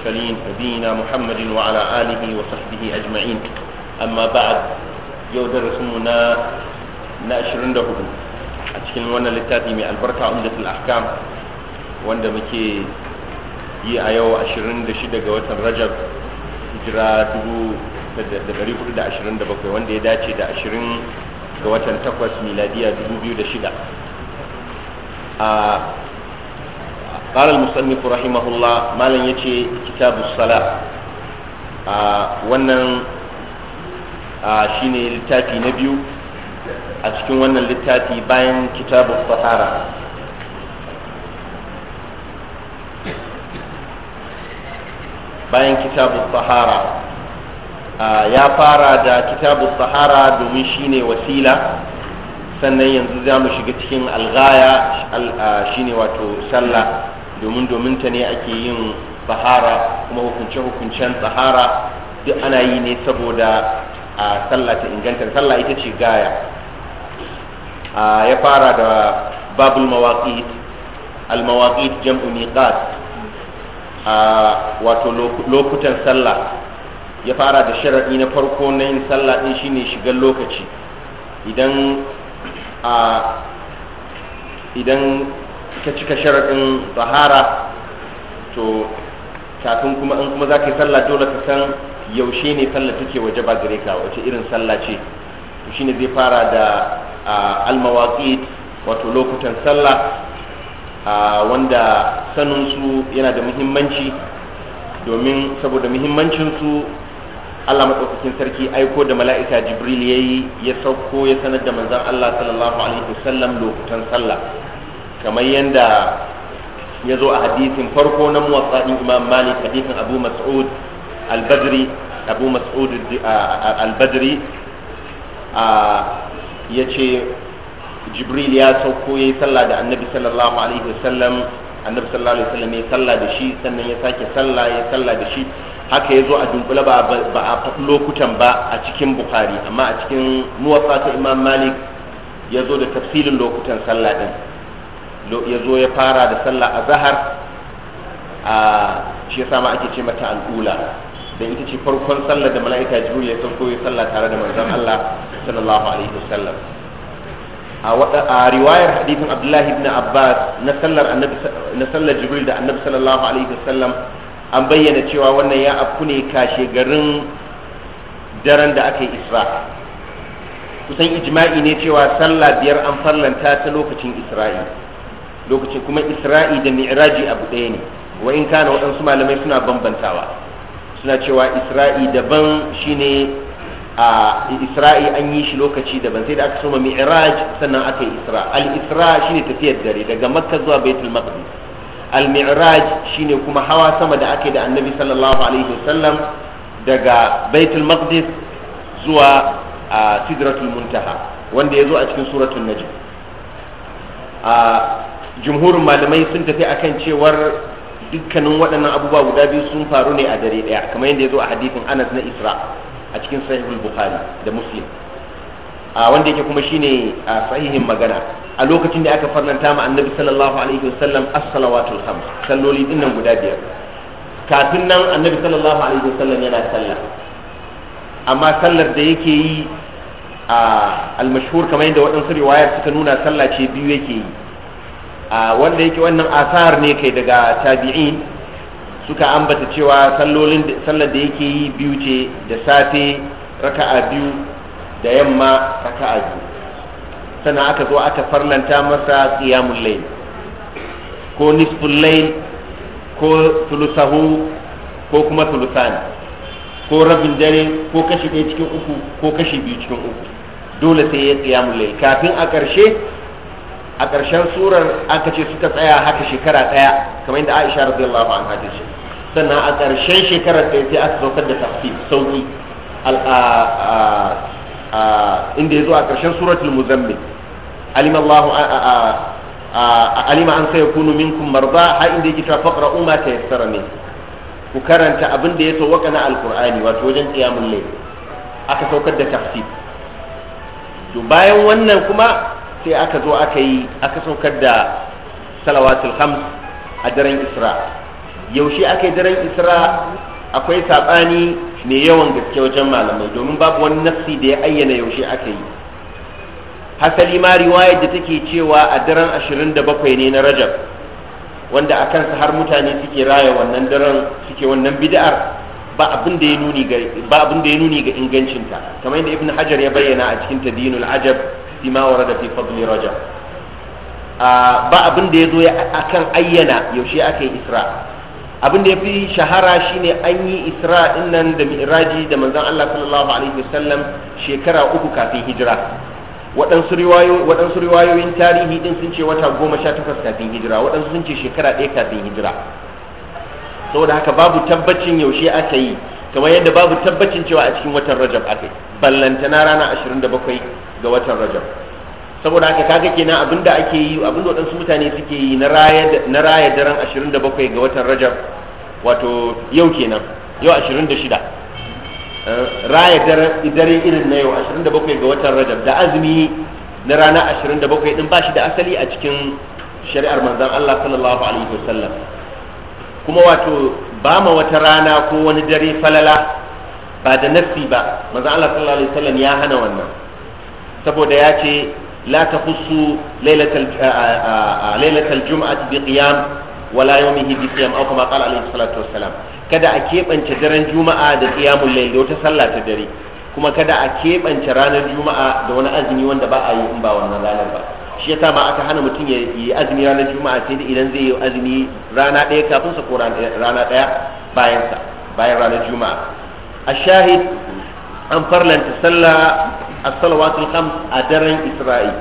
المرسلين نبينا محمد وعلى آله وصحبه أجمعين أما بعد يود رسمنا نأشرن له أتكلم وانا للتاتي من البركة عمدة الأحكام وانا مكي yi a yau 26 ga watan rajab hijira 1427 wanda ya dace da 20 ga watan 8 miladiya 2006 a قال المصنف رحمه الله ما لن يتي kitabu sala a wannan shi ne littafi na biyu a cikin wannan littafi bayan kitabu fahara bayan kitabu fahara ya fara da kitabu Fahara domin shi ne wasila sannan yanzu za mu shiga cikin algaya ne wato sallah domin domin ta ne ake yin bahara kuma hukunce-hukuncen tsahara duk ana yi ne saboda a sallah ta inganta sallah ita ce gaya ya fara da babul mawaqit al mawaqit jam'u miqat wato lokutan sallah ya fara da sharadi na farko na yin sallah din shine shigar lokaci idan a idan ka cika sharadin tahara to kafin kuma in kuma za ka yi sallah dole ka san yaushe ne sallah take waje ba gare ka wace irin sallah ce to shine zai fara da almawaqit wato lokutan sallah wanda sanin yana da muhimmanci domin saboda muhimmancin su Allah madaukakin sarki aiko da mala'ika Jibril yayi ya sauko ya sanar da manzon Allah sallallahu alaihi wasallam lokutan sallah kamar yadda. ya zo a hadisin farko na muwatsa imam malik hadisin abu mas'ud al-badri abu mas'ud al-badri ya ce jibril ya sauko ya yi sallah da annabi sallallahu alaihi wasallam annabi sallallahu alaihi wasallam ya sallah da shi sannan ya sake sallah ya sallah da shi haka ya zo a dunkula ba a lokutan ba a cikin bukhari amma a cikin muwatsa ta imam malik ya zo da tafsilin lokutan sallah din ya zo ya fara da sallah a zahar a shi ya ma ake ce mata al'ula da ita ce farkon sallah da mala'ika jibril ya sauko ya sallah tare da manzon Allah sallallahu alaihi wasallam a wada a riwayar hadithin abdullahi ibn Abbas na sallar annabi na sallar jibril da annabi sallallahu alaihi wasallam an bayyana cewa wannan ya afku ne kashe garin daren da aka yi Isra kusan ijma'i ne cewa sallah biyar an farlanta ta lokacin Isra'i lokacin kuma isra'i da mi'raji abu ɗaya ne wa in kana waɗansu malamai suna bambantawa suna cewa isra'i daban shine a isra'i an yi shi lokaci daban sai da aka soma mi'raj sannan aka yi isra al isra shine tafiyar dare daga makka zuwa baitul maqdis al mi'raj shine kuma hawa sama da aka yi da annabi sallallahu alaihi wasallam daga baitul maqdis zuwa sidratul muntaha wanda ya zo a cikin suratul najm a jumhurin malamai sun tafi a kan cewar dukkanin waɗannan abubuwa guda biyu sun faru ne a dare ɗaya kamar yadda ya zo a hadithin anas na isra a cikin sahihul bukhari da muslim a wanda yake kuma shine a sahihin magana a lokacin da aka farnanta ma annabi sallallahu alaihi wasallam as-salawatul khams salloli din nan guda biyar kafin nan annabi sallallahu alaihi wasallam yana sallah amma sallar da yake yi a al-mashhur kamar yadda waɗansu riwayar suka nuna sallah ce biyu yake yi wanda yake wannan asar ne kai daga tabi'in suka ambata cewa sallolin sallar da yake yi biyu ce da safe raka'a biyu da yamma raka'a biyu sannan aka zo aka farlanta masa qiyamul layl ko nisful layl ko tulusahu ko kuma tulusani ko rabin dare ko kashi ɗaya cikin uku ko kashi biyu cikin uku dole sai ya qiyamul layl kafin a ƙarshe a ƙarshen surar aka ce suka tsaya haka shekara ɗaya kamar yadda aisha radiyallahu anha ta ce sannan a ƙarshen shekarar ɗaya sai aka saukar da tafsir sauki inda ya zo a ƙarshen suratul muzammil alim Allah alima an sai kunu minkum marza har inda yake ta faqra umma ta yassara ne ku karanta abin da ya sauka na alqur'ani wato wajen qiyamul layl aka saukar da tafsir to bayan wannan kuma sai aka zo aka yi aka saukar da salawatul khams a daren isra yaushe aka yi daren isra akwai saɓani mai yawan gaske wajen malamai domin babu wani nafsi da ya ayyana yaushe aka yi hasali ma riwayar da take cewa a daren 27 ne na rajab wanda a kansa har mutane suke raya wannan daren suke wannan bid'ar ba abin da ya nuni ga ba abin da ya nuni ga ingancinta kamar yadda ibnu hajar ya bayyana a cikin tadinul ajab فيما ورد في فضل رجب ba abin da ya zo akan ayyana yaushe aka yi isra abin da ya fi shahara shine an yi isra nan da mi'raji da manzon Allah sallallahu alaihi wasallam shekara uku kafin hijira waɗansu riwayoyin tarihi din sun ce wata goma sha takwas kafin hijira waɗansu sun ce shekara ɗaya kafin hijira saboda haka babu tabbacin yaushe aka yi kamar yadda babu tabbacin cewa a cikin watan rajab ake ballantana rana 27 ga watan rajab saboda haka kaga kenan abinda ake yi abinda waɗansu mutane suke yi na raya daren 27 ga watan rajab wato yau kenan yau 26 eh, raya dare irin na yau 27 ga watan rajab da azumi na rana 27 din ba shi da asali a cikin shari'ar manzon Allah sallallahu alaihi wasallam kuma wato ba ma wata rana ko wani dare falala ba da nafsi ba manzon Allah sallallahu alaihi wasallam ya hana wannan saboda ya ce la tahussu lailatal lailatal jum'ati bi qiyam wala yawmihi bi qiyam aw kama qala alaihi salatu wassalam kada a keɓance daren juma'a da qiyamul layl wata sallah ta dare kuma kada a keɓance ranar juma'a da wani azumi wanda ba a yi in ba wannan ranar ba shi yasa ba aka hana mutum ya yi azumi ranar juma'a sai da idan zai yi azumi rana ɗaya kafin sa ko rana ɗaya bayan sa bayan ranar juma'a a shahid an farlanta sallah as-salawatul khams a daren isra'i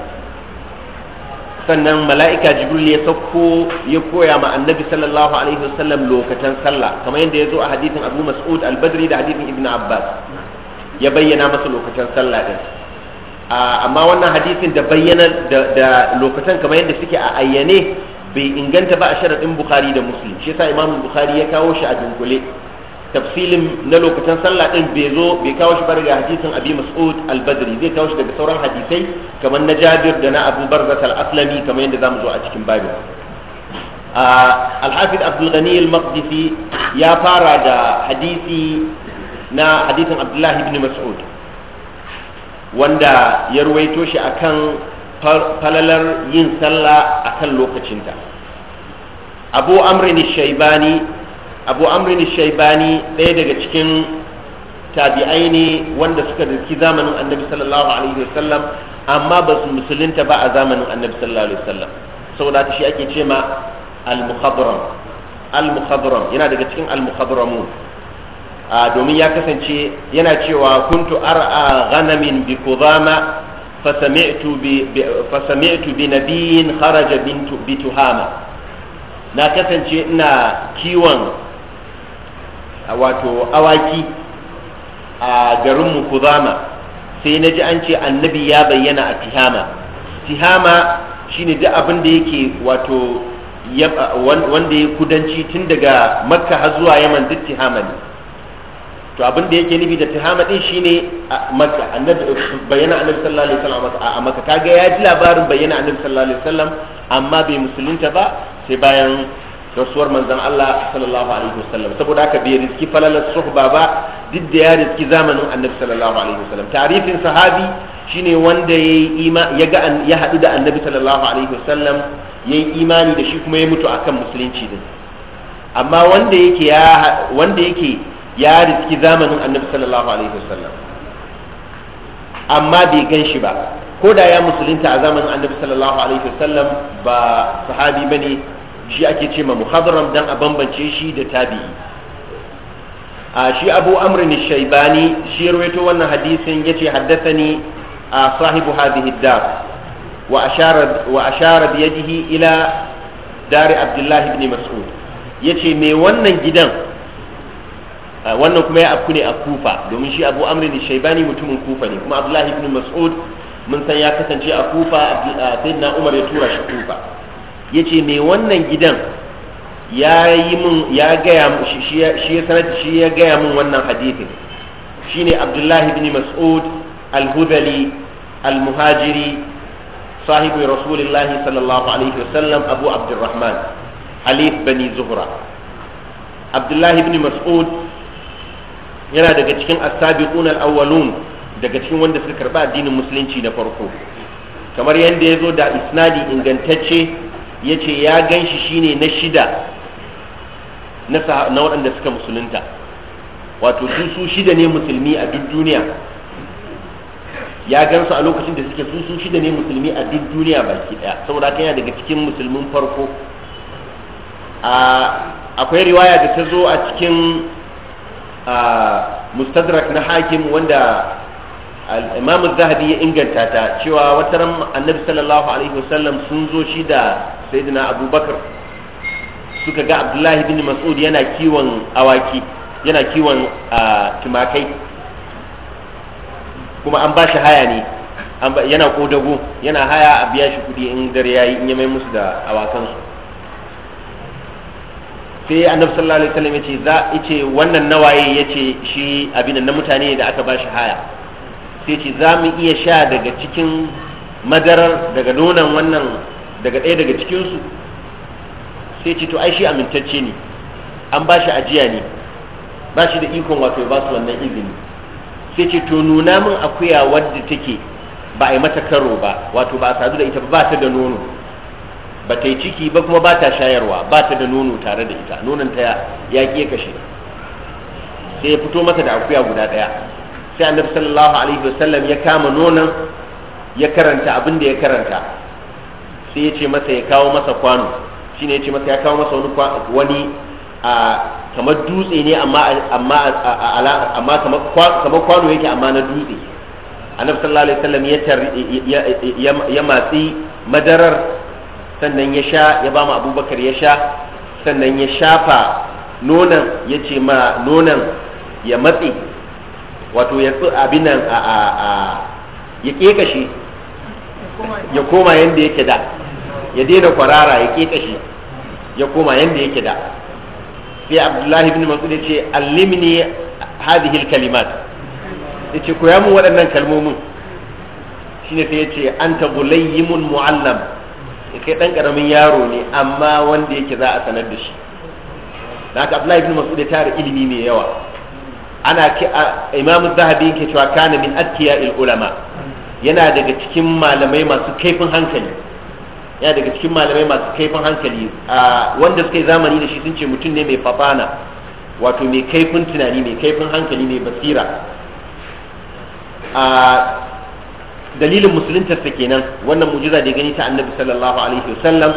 sannan mala'ika jibril ya sauko ya koya ma annabi sallallahu alaihi wasallam lokacin sallah kamar yadda ya zo a hadithin abu mas'ud al-badri da hadithin ibn abbas ya bayyana masa lokacin sallah din Ah, amma wannan hadisin da bayyana da lokacin kamar yadda suke a ayyane bai inganta ba a sharaɗin bukhari da muslim shi yasa imamu bukhari ya kawo shi a dunkule tafsilin na lokacin sallah din bai zo bai kawo shi ba daga hadisin abi mas'ud al-badri zai kawo shi daga sauran hadisai kamar na jabir da na abu barzat al-aslami kamar yadda zamu zo a cikin babin ah, al-hafiz abdul ghani al-maqdisi ya fara da hadisi na hadisin abdullahi ibn mas'ud wanda ya ruwaito shi a kan falalar yin sallah a kan lokacinta abu amrin shaibani abu amrin shaibani ɗaya daga cikin tabi'ai ne wanda suka riski zamanin annabi sallallahu alaihi wasallam amma ba su musulunta ba a zamanin annabi sallallahu alaihi wasallam saboda ta shi ake ce ma al mukhabram al mukhabram yana daga cikin al-mukhadram domin ya kasance yana cewa kuntu ar'a ghanamin bi kudama sami'tu bi nabiyin kharaja bi tuhama na kasance ina kiwon wato awaki a garinmu kudama sai na ji an ce annabi ya bayyana a tihama tihama shine duk abin da yake wato wanda ya kudanci tun daga makka har zuwa yaman duk tihama ne to abin da yake nufi da tihama din shine a makka annabi bayyana annabi sallallahu alaihi wasallam a makka kaga ya ji labarin bayyana annabi sallallahu alaihi wasallam amma bai musulunta ba sai bayan rasuwar manzon Allah sallallahu alaihi wasallam saboda haka bai riski falalar suhba ba duk da ya riski zamanin annabi sallallahu alaihi wasallam tarifin sahabi shine wanda yayi ima ya ga ya hadu da annabi sallallahu alaihi wasallam yayi imani da shi kuma ya mutu akan musulunci din amma wanda yake ya wanda yake ya riski zamanin annabi sallallahu alaihi wasallam amma bai gan shi ba ko da ya musulunta a zamanin annabi sallallahu alaihi wasallam ba sahabi bane shi ake ce ma muhadram dan a bambance shi da tabi'i a shi abu amr shaibani shi ya rawaito wannan hadisin yace haddathani a sahibu hadhihi dar wa ashara wa ashara bi yadihi ila dari abdullah ibn mas'ud yace me wannan gidan Uh, wannan kuma ya afku ne a kufa domin shi abu amrin shaibani mutumin kufa ne kuma abdullahi ibn mas'ud mun san ya kasance a kufa uh, sayyidina umar ya tura shi kufa yace me wannan gidan ya yi mun ya gaya shi ya sanar shi ya gaya mun wannan hadithin shine abdullahi ibn mas'ud al-hudali al-muhajiri sahibi rasulillahi sallallahu alaihi wasallam abu abdurrahman alif bani zuhura abdullahi ibn mas'ud yana daga cikin asabiqun sabiqun al-awwalun daga cikin wanda suka karba addinin musulunci na farko kamar yadda ya zo da isnadi ingantacce ya ce ya gan shi shine na shida na waɗanda suka musulunta wato su su shida ne musulmi a duk duniya ya gan su a lokacin da suke su su shida ne musulmi a duk duniya baki ɗaya saboda haka yana daga cikin musulmin farko akwai riwaya da ta zo a cikin mustadrak na hakim wanda imam zahabi ya inganta ta cewa wata ran annabi sallallahu alaihi wasallam sun zo shi da sayyidina abubakar suka ga abdullahi bin mas'ud yana kiwon awaki yana kiwon tumakai kuma an ba shi haya ne yana kodago yana haya a biya shi kudi in dare yayi in ya mai musu da awakansu sai annabi sallallahu alaihi wasallam yace za yace wannan nawaye yace shi abin na mutane da aka ba shi haya sai yace za mu iya sha daga cikin madarar daga nonon wannan daga ɗaya daga cikin su sai ce to ai shi amintacce ne an ba shi ajiya ne ba shi da ikon wato ba su wannan izini sai ce to nuna min akuya wadda take ba a yi mata karo ba wato ba a sadu da ita ba ta da nono ba ta yi ciki ba kuma ba ta shayarwa ba ta da nono tare da ita nonon ta ya ƙi kashe sai ya fito mata da akuya guda ɗaya sai annabi sallallahu alaihi wasallam ya kama nonon ya karanta abin da ya karanta sai ya ce masa ya kawo masa kwano shine ya ce masa ya kawo masa wani wani a kamar dutse ne amma amma amma kamar kwano yake amma na dutse annabi sallallahu alaihi wasallam ya ya matsi madarar sannan ya sha ya ba mu abubakar ya sha sannan ya shafa nonan ya ce ma nonan ya matse wato ya tsu abin nan a a a ya kekashe ya koma yadda yake da ya daina kwarara ya kekashe ya koma yadda yake da sai abdullahi ibn mas'ud ya ce allimni hadhihi kalimat ya ce koya mu waɗannan kalmomin shine sai ya ce anta gulayyimun mu'allam kai dan karamin yaro ne amma wanda yake za a sanar da shi da aka Abdullahi ibn Mas'ud ya tare ilimi mai yawa ana imamu Zahabi yake cewa kana min atqiya ulama yana daga cikin malamai masu kaifin hankali yana daga cikin malamai masu kaifin hankali wanda suka yi zamani da shi sun ce mutum ne mai fafana wato mai kaifin tunani mai kaifin hankali mai basira dalilin musuluntarsa kenan wannan mujiza da ya gani ta annabi sallallahu alaihi wasallam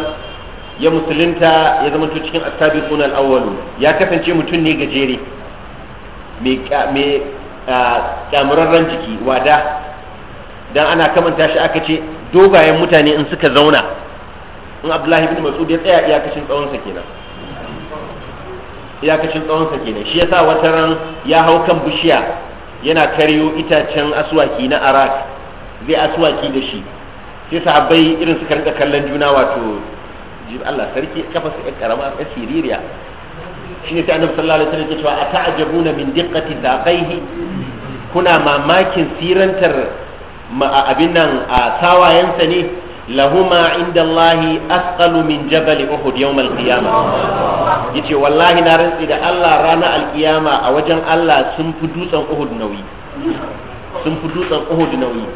ya musulunta ya zama to cikin asabiqun al awwal ya kasance mutum ne gajere mai kyamurarren jiki wada dan ana kamanta shi aka ce dogayen mutane in suka zauna in abdullahi ibn mas'ud ya tsaya iyakacin tsawonsa kenan iyakacin tsawonsa kenan shi yasa wata ran ya hau kan bishiya yana karyo itacen aswaki na arak zai asuwaki da shi sai sahabbai irin suka rika kallon juna wato Allah sarki kafa su yan karama yan siririya shi ne sai annabi sallallahu alaihi wasallam ya ce wa min diqqati saqaihi kuna mamakin sirantar abin nan a sawayensa ne lahuma inda Allahi asqalu min jabal Uhud yawm al-qiyama yace wallahi na rantsi da Allah rana al-qiyama a wajen Allah sun fi dutsen Uhud nauyi sun fi dutsen Uhud nauyi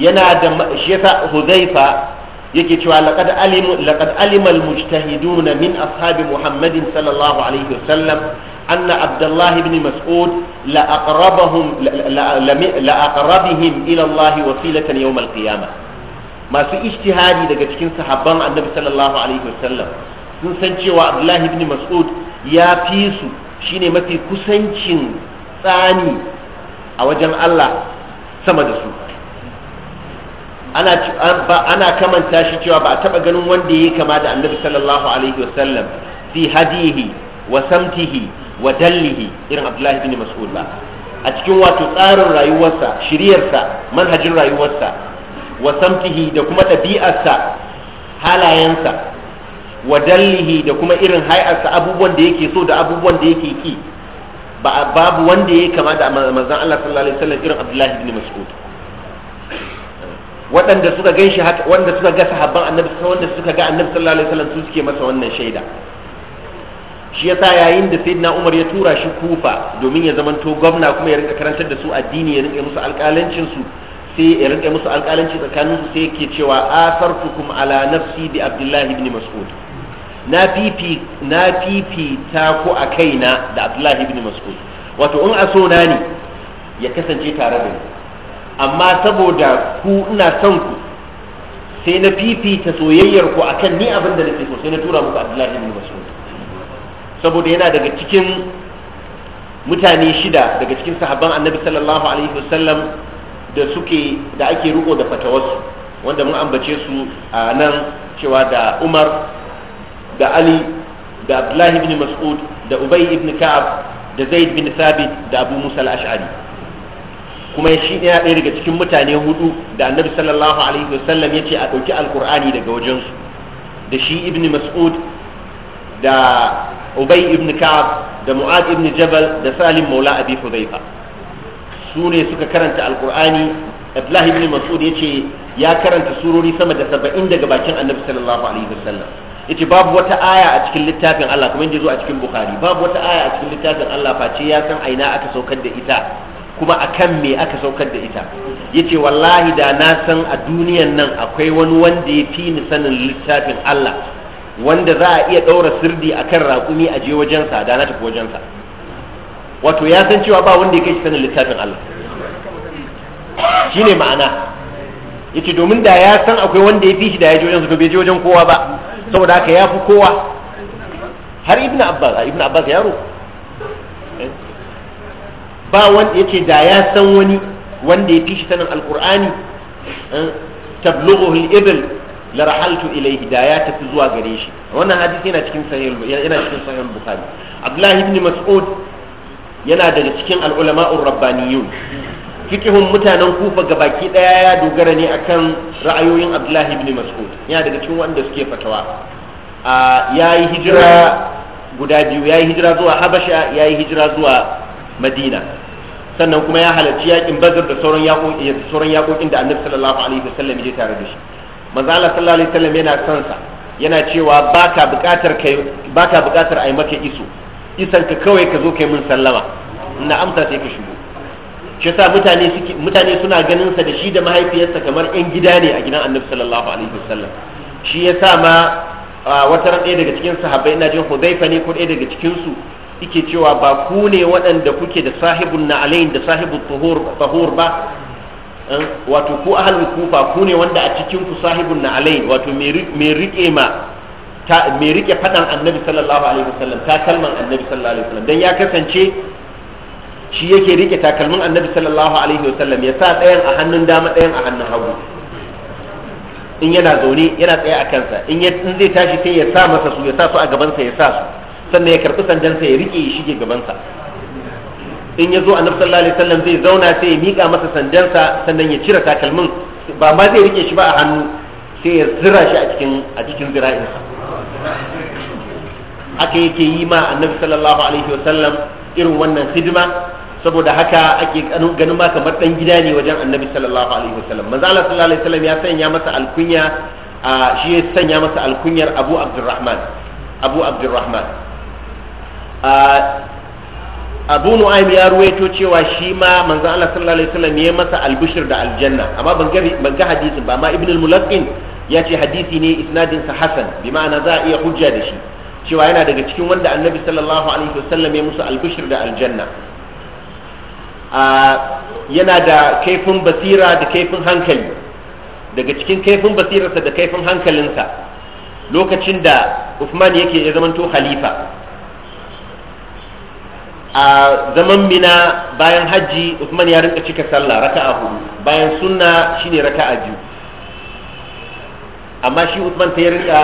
yana da shi huzaifa yake cewa laqad alimu laqad alima min ashabi muhammadin sallallahu alaihi wasallam anna abdullahi ibn mas'ud la aqrabahum la aqrabihim ila allah wasilatan yawm masu ijtihadi daga cikin sahabban annabi sallallahu alaihi wasallam sun san cewa abdullah ibn mas'ud ya fi su shine mafi kusancin tsani a wajen Allah sama da su ana kamanta shi cewa ba a taba ganin wanda ya kama da annabi sallallahu alaihi wasallam fi hadihi wa samtihi wa dallihi irin abdullahi bin mas'ud ba a cikin wato tsarin rayuwarsa shiriyarsa manhajin rayuwarsa wa samtihi da kuma ɗabi'arsa halayensa wa dallihi da kuma irin hay'arsa abubuwan da yake so da abubuwan da yake ki babu wanda ya kama da manzon Allah sallallahu alaihi wasallam irin abdullahi bin mas'ud waɗanda suka gan shi haka wanda suka ga sahabban annabi wanda suka ga annabi sallallahu alaihi wasallam su suke masa wannan shaida shi yasa yayin da sayyidina Umar ya tura shi Kufa domin ya zamanto gwamna kuma ya rinka karantar da su addini ya rinka musu alƙalancin su sai ya rinka musu alƙalanci tsakanin su sai yake cewa asarfukum ala nafsi bi Abdullah ibn Mas'ud na fifi na fifita ku a kaina da Abdullah ibn Mas'ud wato in a so na ne ya kasance tare da ni amma saboda ku ina son ku sai na fifita soyayyar ku akan ni abin da nake so sai na tura muku Abdullahi ibn Mas'ud saboda yana daga cikin mutane shida daga cikin sahabban Annabi sallallahu alaihi wasallam da suke da ake riko da fatawarsu wanda mun ambace su a nan cewa da Umar da Ali da Abdullahi bin Mas'ud da Ubay ibn Ka'ab da Zaid bin Thabit da Abu Musa al-Ash'ari kuma shi ne ɗaya daga cikin mutane hudu da annabi sallallahu alaihi wasallam ya ce a ɗauki alkur'ani daga wajensu da shi ibn mas'ud da ubay ibn ka'ab da mu'ad ibn jabal da salim maula abi hudayfa su ne suka karanta alkur'ani abdullahi ibn mas'ud ya ce ya karanta surori sama da saba'in daga bakin annabi sallallahu alaihi wasallam yace babu wata aya a cikin littafin Allah kuma yadda zo a cikin bukhari babu wata aya a cikin littafin Allah face ya san aina aka saukar da ita kuma akan me aka saukar da ita Ya ce wallahi da na san a duniyan nan akwai wani wanda ya fi ni sanin littafin Allah wanda za a iya ɗaura sirdi a kan raƙumi a je wajensa da na tafi wajensa wato ya san cewa ba wanda ya kai shi sanin littafin Allah shine ma'ana ce domin da ya san akwai wanda ya fi shi da ya je wajensa to bai je wajen kowa ba saboda haka ya fi kowa har Ibn abbas Ibn abbas yaro ba wanda yace da ya san wani wanda ya fi shi sanin alqur'ani eh, tablughu al-ibl la rahaltu ilayhi da ya tafi zuwa gare shi wannan hadisi yana cikin sahih yana cikin sahih bukhari abdullahi ibn mas'ud yana daga cikin al rabbaniyun fikihun mutanen kufa gabaki daya ya dogara ne akan ra'ayoyin abdullahi ibn mas'ud yana daga cikin wanda suke fatawa ah, a yayi hijira guda biyu yayi hijira zuwa habasha yayi hijira zuwa madina sannan kuma ya halarci yakin bazar da sauran yakokin eh, da annabi sallallahu alaihi wasallam ya tare da shi manzo Allah sallallahu alaihi wasallam yana son sa yana cewa ba ka bukatar kai ba ka bukatar ai maka iso isan ka kawai ka zo kai mun sallama ina amsa sai ka shigo shi yasa mutane suke mutane suna ganin sa da shi da mahaifiyarsa kamar yan gida ne a gidan annabi sallallahu alaihi wasallam shi yasa ma wata ran ɗaya daga cikin sahabbai ina jin Hudhaifa ne ko ɗaya daga cikin su yake cewa ba ku ne waɗanda kuke da sahibun na alayin da sahibun tahur ba wato ku ahal kufa ku ne wanda a cikin ku sahibun na alayin wato mai rike ma ta mai rike faɗan annabi sallallahu alaihi wasallam kalman annabi sallallahu alaihi wasallam dan ya kasance shi yake rike takalmin annabi sallallahu alaihi wasallam ya sa ɗayan a hannun dama ɗayan a hannun hagu in yana zaune yana tsaye a kansa in zai tashi sai ya sa masa su ya sa su a gabansa ya sa su sannan ya karɓi sandansa ya riƙe ya shige gabansa in ya zo annabi sallallahu alaihi sallam zai zauna sai ya miƙa masa sandansa sannan ya cire takalmin ba ma zai riƙe shi ba a hannu sai ya zira shi a cikin a cikin zira'insa haka yake yi ma annabi sallallahu alaihi wa sallam irin wannan hidima saboda haka ake ganin ma kamar dan gida ne wajen annabi sallallahu alaihi wa sallam manzo Allah sallallahu alaihi wa sallam ya sanya masa alkunya shi ya sanya masa alkunyar Abu Abdurrahman Abu Abdurrahman abu nu'aym ya ruwaito cewa shi ma manzon Allah sallallahu alaihi wasallam ya masa albushir da aljanna amma ban ga ban ga hadisin ba amma ibn al-mulaqqin ya ce hadisi ne isnadin sa hasan bi ma'ana za a iya hujja da shi cewa yana daga cikin wanda annabi sallallahu alaihi wasallam ya musu albushir da aljanna yana da kaifin basira da kaifin hankali daga cikin kaifin basirarsa da kaifin hankalinsa lokacin da Uthman yake ya zamanto khalifa a zaman mina bayan hajji Usman ya rinka cika sallah raka'a hudu bayan sunna shine raka'a biyu amma shi Usman ta yi rinka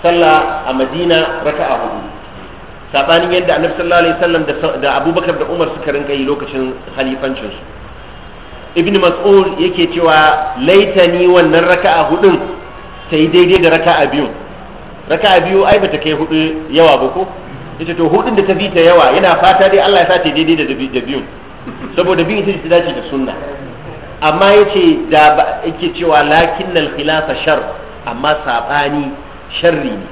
sallah a Madina raka'a hudu sabanin yadda Annabi sallallahu alaihi wasallam da Abubakar da Umar suka rinka yi lokacin halifancin su Ibn Mas'ud yake cewa laitani wannan raka'a hudun ta yi daidai da raka'a biyu raka'a biyu ai bata kai hudu yawa ba ko ita to hudun da ta bi ta yawa yana fata dai Allah ya sa ta daidai da biyun saboda bin ita ce dace da sunna amma yace da yake cewa lakinnal khilafa shar amma sabani sharri ne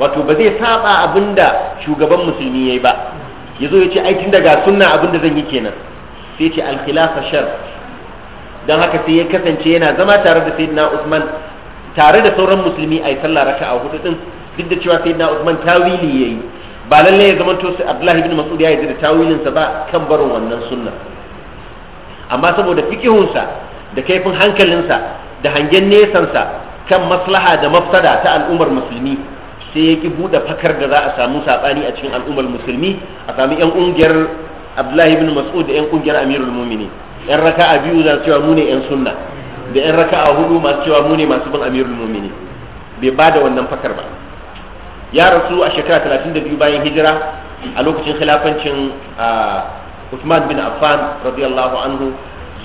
wato ba zai saba abinda shugaban musulmi yayi ba yazo yace ai tun daga sunna abinda zan yi kenan sai ce al khilafa shar dan haka sai ya kasance yana zama tare da sayyidina Usman tare da sauran musulmi ai sallah raka'a hudu din duk da cewa sayyidina Usman tawili yayi ba lalle ya zamanto sai Abdullahi ibn Mas'ud ya yi da tawilin sa ba kan barin wannan sunna amma saboda fiqihun sa da kaifin hankalin sa da hangen nesan sa kan maslaha da mafsada ta al'ummar musulmi sai ya ki bude fakar da za a samu sabani a cikin al'ummar musulmi a sami yan ungiyar Abdullahi ibn Mas'ud da yan ungiyar Amirul Mu'minin yan raka'a biyu za su cewa mu ne yan sunna da yan raka'a hudu masu cewa mu ne masu bin Amirul Mu'minin bai bada wannan fakar ba ya rasu a shekara 32 bayan hijira a lokacin khilafancin Uthman bin Affan radiyallahu anhu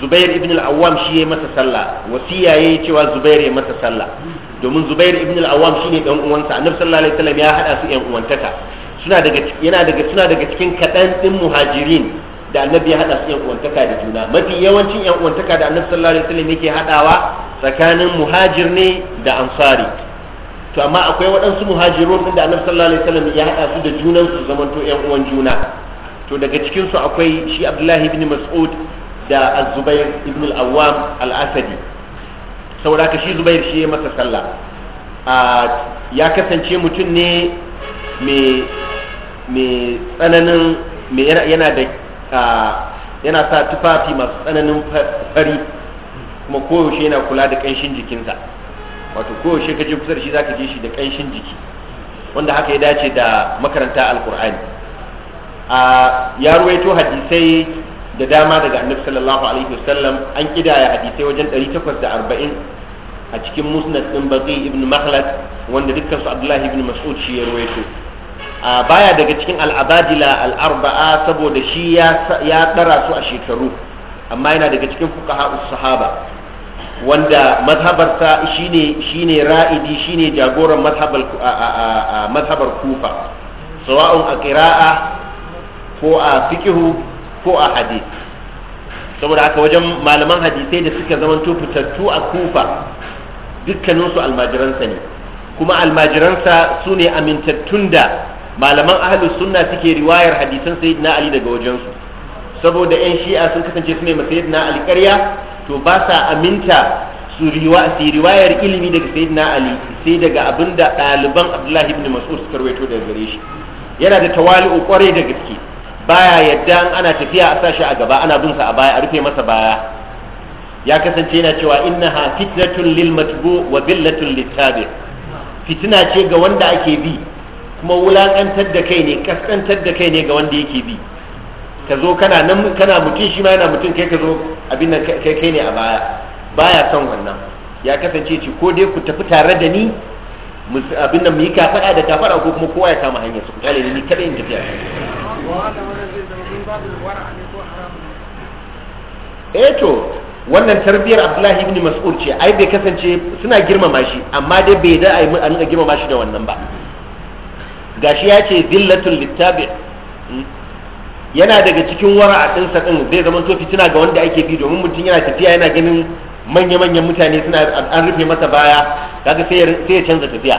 Zubair ibn al-Awwam shi ya masa sallah wasiya yayi cewa Zubair ya masa sallah domin Zubair ibn al-Awwam shine dan uwansa Annabi sallallahu alaihi wasallam ya hada su yan uwantaka suna daga yana daga suna daga cikin kadan din muhajirin da Annabi ya hada su yan uwantaka da juna mafi yawancin yan uwantaka da Annabi sallallahu alaihi wasallam yake hadawa tsakanin muhajir ne da ansari to amma akwai waɗansu muhajirun din da annabi sallallahu alaihi wasallam ya haɗa su da junan su zamanto ƴan uwan juna to daga cikin su akwai shi abdullahi ibn mas'ud da az-zubair ibn al-awwam al-asadi saboda ka shi zubair shi ya masa sallah ya kasance mutum ne mai tsananin yana da yana sa tufafi masu tsananin fari kuma koyaushe yana kula da ƙanshin jikinsa wato koyaushe ka je kusa da shi zaka je shi da kanshin jiki wanda haka ya dace da makaranta alkur'ani a ya ruwaito hadisai da dama daga annabi sallallahu alaihi wasallam an kidaya hadisai wajen 840 a cikin musnad din baqi ibn makhlad wanda dukkan su abdullahi ibn mas'ud shi ya ruwaito a baya daga cikin al'abadila arba'a saboda shi ya tsara su a shekaru amma yana daga cikin fuqaha sahaba wanda mazhabarsa shine shine ra'idi shine jagoran mazhabar mazhabar kufa sawa'un a qira'a ko a fiqhu ko a hadith saboda haka wajen malaman hadisai da suka zamanto fitattu a kufa dukkaninsu almajiransa ne kuma almajiransa su ne amintattun da malaman ahlus sunna suke riwayar hadisan sayyidina ali daga wajensu saboda yan shi'a sun kasance su ne masayidina ali karya, to ba sa aminta su riwayar ilimi daga sayyidina ali sai daga abinda ɗaliban abdullahi ibn mas'ud suka rawaito daga gare shi yana da tawali'u kwarai da gaske baya yadda ana tafiya a sashi a gaba ana bin sa a baya a rufe masa baya ya kasance yana cewa innaha fitnatun lil matbu wa billatun littabi fitina ce ga wanda ake bi kuma wulakantar da kai ne kaskantar da kai ne ga wanda yake bi ka zo kana nan kana mutum shi ma yana mutum kai ka zo abin nan kai kai ne a baya baya son wannan ya kasance ci ko dai ku tafi tare da ni abin nan mu yi kafada da kafara ko kuma kowa ya kama hanyar su kale ni kada in tafiya eh to wannan tarbiyar Abdullahi ibn Mas'ud ce ai bai kasance suna girmama shi amma dai bai da ai an girmama shi da wannan ba gashi ya ce zillatul littabi' yana daga cikin wara a ɗinsa ɗin zai zama to fitina ga wanda ake bi domin mutum yana tafiya yana ganin manya-manyan mutane suna an rufe masa baya kaga sai ya canza tafiya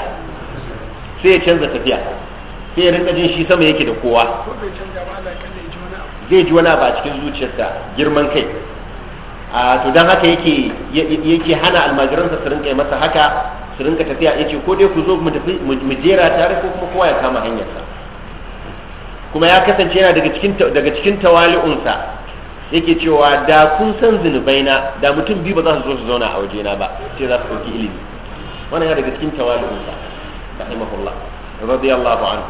sai ya canza tafiya sai ya rinka jin shi sama yake da kowa zai ji wani abu a cikin zuciyarsa girman kai a to don haka yake yake hana almajiransa su rinka masa haka su rinka tafiya yace ko dai ku zo mu mu jera tare ko kuma kowa ya kama hanyarsa kuma ya kasance yana daga cikin daga cikin tawali'unsa yake cewa da kun san zunubaina da mutum biyu ba za su zo su zauna a na ba sai za su ɗauki ilimi wannan yana daga cikin tawali'unsa rahimahullah radiyallahu anhu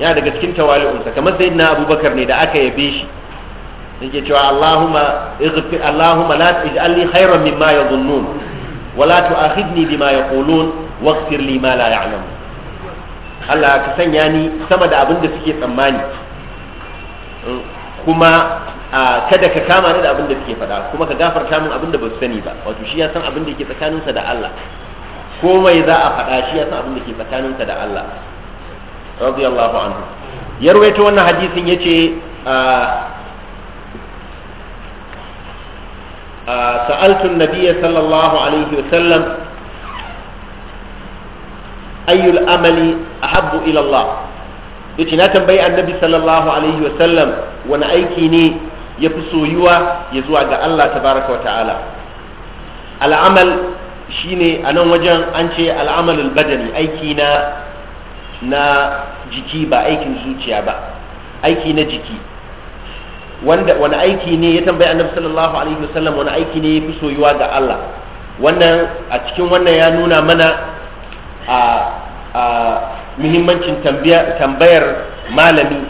yana daga cikin tawali'unsa kamar sai na abubakar ne da aka yabe shi yake cewa Allahumma ighfir Allahumma la taj'al li khayran mimma yadhunnun wa la tu'akhidni bima yaqulun waghfir li ma la ya'lamun Allah ka sanya ni sama da abin da suke tsammani mm. kuma kada ka kama ni da abin da suke faɗa kuma ka gafarta min abin da ba su sani ba wato shi ya san abin da yake tsakaninsa da Allah komai za a faɗa shi ya san abin da ke tsakaninsa da Allah radiyallahu anhu ya rawaito wannan hadisin yace sa'altu an-nabiyya sallallahu alaihi wa sallam. ayyul amali ahabbu ila Allah yace na tambayi annabi sallallahu alaihi wa sallam wani aiki ne ya fi soyuwa ya zuwa ga Allah tabaraka wa ta'ala al'amal shine a nan wajen an ce al'amalul badani aiki na na jiki ba aikin zuciya ba aiki na jiki wanda wani aiki ne ya tambayi annabi sallallahu alaihi wa sallam wani aiki ne ya fi soyuwa ga Allah wannan a cikin wannan ya nuna mana a muhimmancin tambayar malami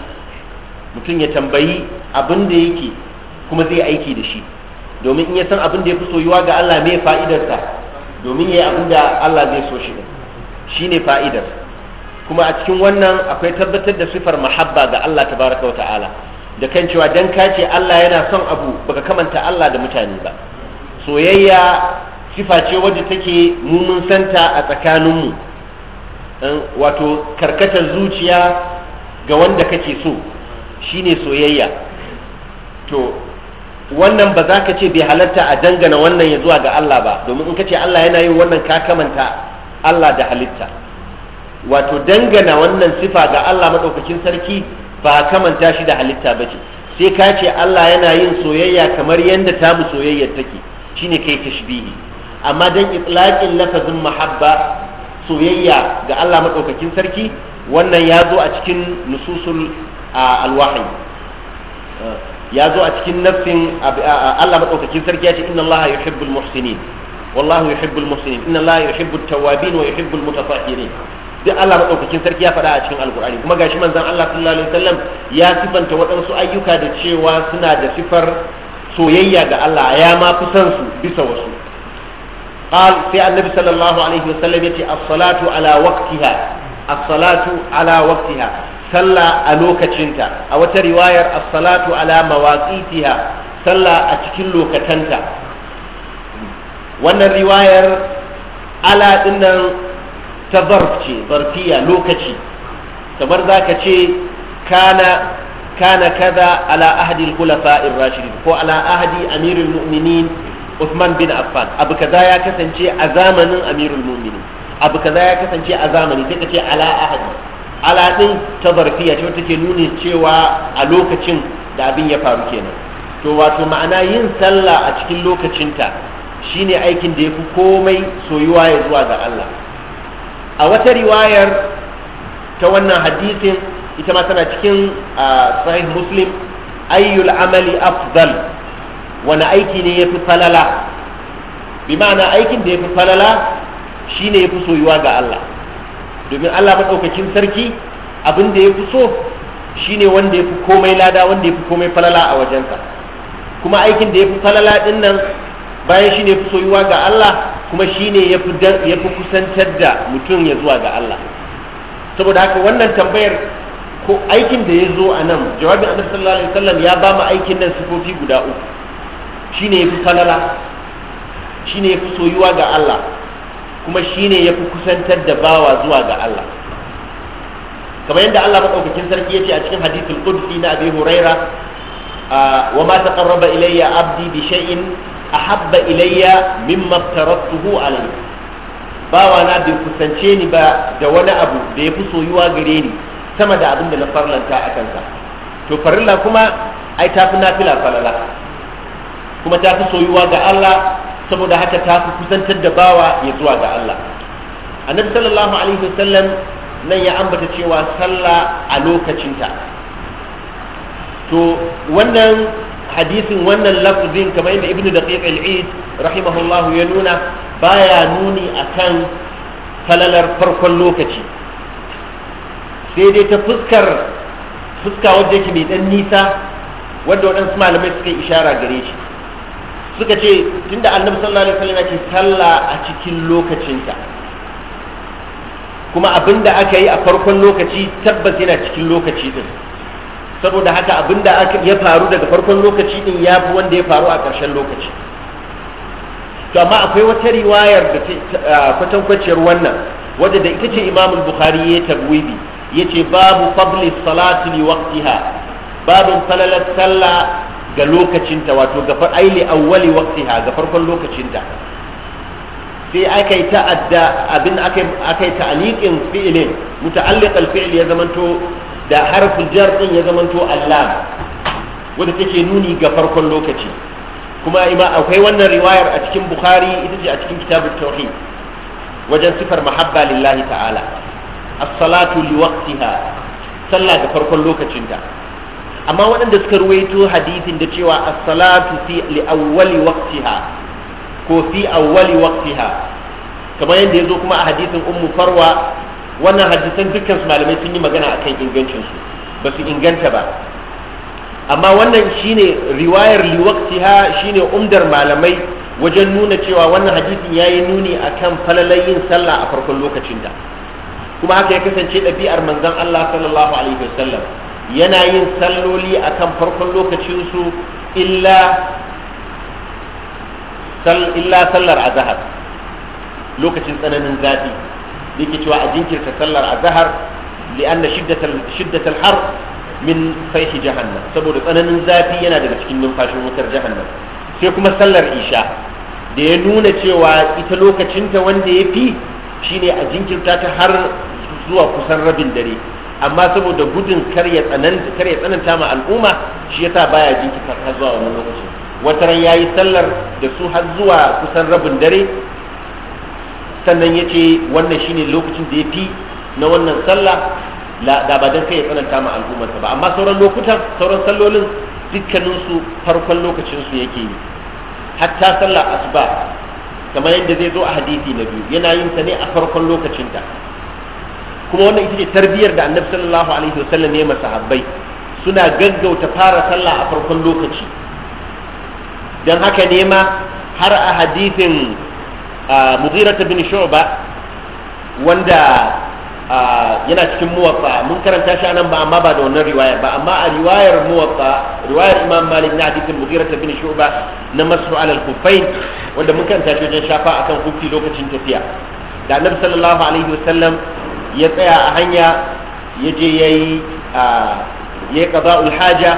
mutum ya tambayi abin da yake kuma zai aiki da shi domin in ya san abin da ya fi soyuwa ga Allah mai fa'idarsa domin ya yi abin da Allah zai so shi ne shi ne fa'idar kuma a cikin wannan akwai tabbatar da sifar mahabba ga Allah baraka wa ta'ala da kan cewa don ka ce Allah yana son abu baka kamanta Allah da mutane ba soyayya sifa ce wadda take mun santa a tsakaninmu wato karkatar zuciya ga wanda kake so shine soyayya to wannan ba za ka ce bai halatta a dangana wannan ya zuwa ga Allah ba domin in ka ce Allah yana yin wannan ka kamanta Allah da halitta wato dangana wannan sifa ga Allah maɗaukakin sarki ba kamanta shi da halitta ba ce sai ka ce Allah yana yin soyayya kamar yadda tamu soyayyar take shine kai tashbihi amma dan itlaqin lafazin mahabba soyayya ga Allah sarki wannan ya zo a cikin nususul alwahi ya zo a cikin nafsin Allah madaukakin sarki ya ce inna Allah yuhibbul muhsinin wallahu yuhibbul muhsinin inna Allah yuhibbut tawwabin wa yuhibbul mutatahhirin duk Allah madaukakin sarki ya faɗa a cikin alkur'ani kuma gashi manzon Allah sallallahu alaihi wasallam ya sifanta waɗansu ayyuka da cewa suna da sifar soyayya ga Allah ya ma fi su bisa wasu قال في النبي صلى الله عليه وسلم يتي الصلاة على وقتها الصلاة على وقتها صلى ألوك تشنتا أو رواية الصلاة على مواقيتها صلى أتكلو كتنتا وأن الرواية على إن تظرف ظرفية لوكتي kamar za ka ce kana kaza ala ahadi al-khulafa ar-rashidin ko ala ahadi amirul mu'minin Uthman bin Affan abu kaza ya kasance a zamanin Amirul Mu'minin abu kaza ya kasance a zamani sai ce ala ahadi ala din ta zarfiya ce ke nuni cewa a lokacin da abin ya faru kenan to wato ma'ana yin sallah a cikin lokacinta shine aikin da yafi komai soyuwa ya zuwa ga Allah a wata riwayar ta wannan hadisin ita ma tana cikin ah, sahih muslim ayyul amali afdal wani aiki ne ya fi falala bi ma'ana aikin da ya fi falala shi ne ya fi soyuwa ga Allah domin Allah maɗaukakin sarki abin da ya fi so shi ne wanda ya fi komai lada wanda ya fi komai falala a wajensa kuma aikin da ya fi falala ɗin nan bayan shi ne ya fi soyuwa ga Allah kuma shi ne ya fi kusantar da mutum ya zuwa ga Allah saboda haka wannan tambayar ko aikin da ya zo a nan jawabin annabi sallallahu alaihi wasallam ya ba mu aikin nan sifofi guda uku ne ya fi falala shi ne ya fi soyuwa ga Allah kuma shi ne ya fi kusantar da bawa zuwa ga Allah kamar yadda Allah madaukakin sarki ya ce a cikin hadithul qudsi na Abi Huraira wa ma taqarraba ilayya abdi bi shay'in ahabba ilayya mimma aftaratuhu alayhi bawa na bai kusance ni ba da wani abu da yafi soyuwa gare ni sama da abin da na farlanta a kansa to farilla kuma ai tafi nafila falala kuma ta fi soyuwa ga Allah saboda haka ta fi kusantar da bawa ya zuwa ga Allah annabi sallallahu alaihi wasallam nan ya ambata cewa sallah a lokacinta to wannan hadisin wannan lafzin kamar yadda ibnu daqiq al-eid rahimahullahu ya nuna baya nuni akan falalar farkon lokaci sai dai ta fuskar fuska wadda yake mai dan nisa wadda waɗansu malamai suka yi ishara gare shi suka ce tunda annabi sallallahu alaihi wasallam yake sallah a cikin lokacinsa kuma abinda aka yi a farkon lokaci tabbas yana cikin lokaci din saboda haka abinda aka ya faru daga farkon lokaci din ya fi wanda ya faru a karshen lokaci to amma akwai wata riwayar da kwatankwaciyar wannan wadda da ita ce imamul bukhari ya tabwibi yace babu fadli salati li waqtiha babu falalar sallah ga lokacinta wato ga fa'aili awwali waqtiha ga farkon lokacinta sai aka yi ta'adda abin aka yi ta'aliqin fi'lin muta'alliq al-fi'l ya zamanto da harfin jar din ya zamanto allam wanda take nuni ga farkon lokaci kuma ima akwai wannan riwayar a cikin bukhari ita ce a cikin kitabut tauhid wajen sifar mahabba lillahi ta'ala as-salatu liwaqtiha sallah ga farkon lokacinta amma waɗanda suka ruwaito hadisin da cewa as-salatu fi li'awwali awwali waqtiha ko fi awwali waqtiha kamar yadda yazo kuma a hadisin ummu farwa wannan hadisan dukkan su malamai sun yi magana akan ingancin su ba su inganta ba amma wannan shine riwayar li waqtiha shine umdar malamai wajen nuna cewa wannan hadisin yayi nuni akan falalayin sallah a farkon lokacin lokacinta kuma haka ya kasance ɗabi'ar manzon Allah sallallahu alaihi wasallam yana yin salloli akan farkon lokacinsu illa illa sallar azahar lokacin tsananin zafi yake cewa a jinkirta sallar azahar li'anna shiddatal har min faihi jahannam saboda tsananin zafi yana daga cikin numfashin wutar jahannam sai kuma sallar isha da ya nuna cewa ita lokacinta wanda ya fi shine a jinkirta ta har zuwa kusan rabin dare amma saboda gudun kar ya tsananta ma al'umma shi yasa baya jinkita har zuwa wannan lokacin wata ran yayi sallar da su har zuwa kusan rabin dare sannan ya ce wannan shine lokacin da ya fi na wannan sallah da ba don kai ya tsananta ma al'ummarsa ba amma sauran lokutan sauran sallolin dukkaninsu farkon lokacinsu yake yi hatta sallah asuba kamar yadda zai zo a hadisi na biyu yana yin ta ne a farkon lokacinta kuma wannan ita ce tarbiyar da annabi sallallahu alaihi wasallam ya masa habbai suna gaggauta fara sallah a farkon lokaci don haka nema har a hadithin mughirata bin shu'ba wanda yana cikin muwatsa mun karanta shi anan ba amma ba da wannan riwayar ba amma a riwayar muwatsa riwayar imam malik na hadithin mughirata bin shu'ba na masu alal kufain wanda mun karanta shi wajen shafa akan kufi lokacin tafiya da annabi sallallahu alaihi wasallam ya tsaya a hanya ya je ya yi ya qada'ul haja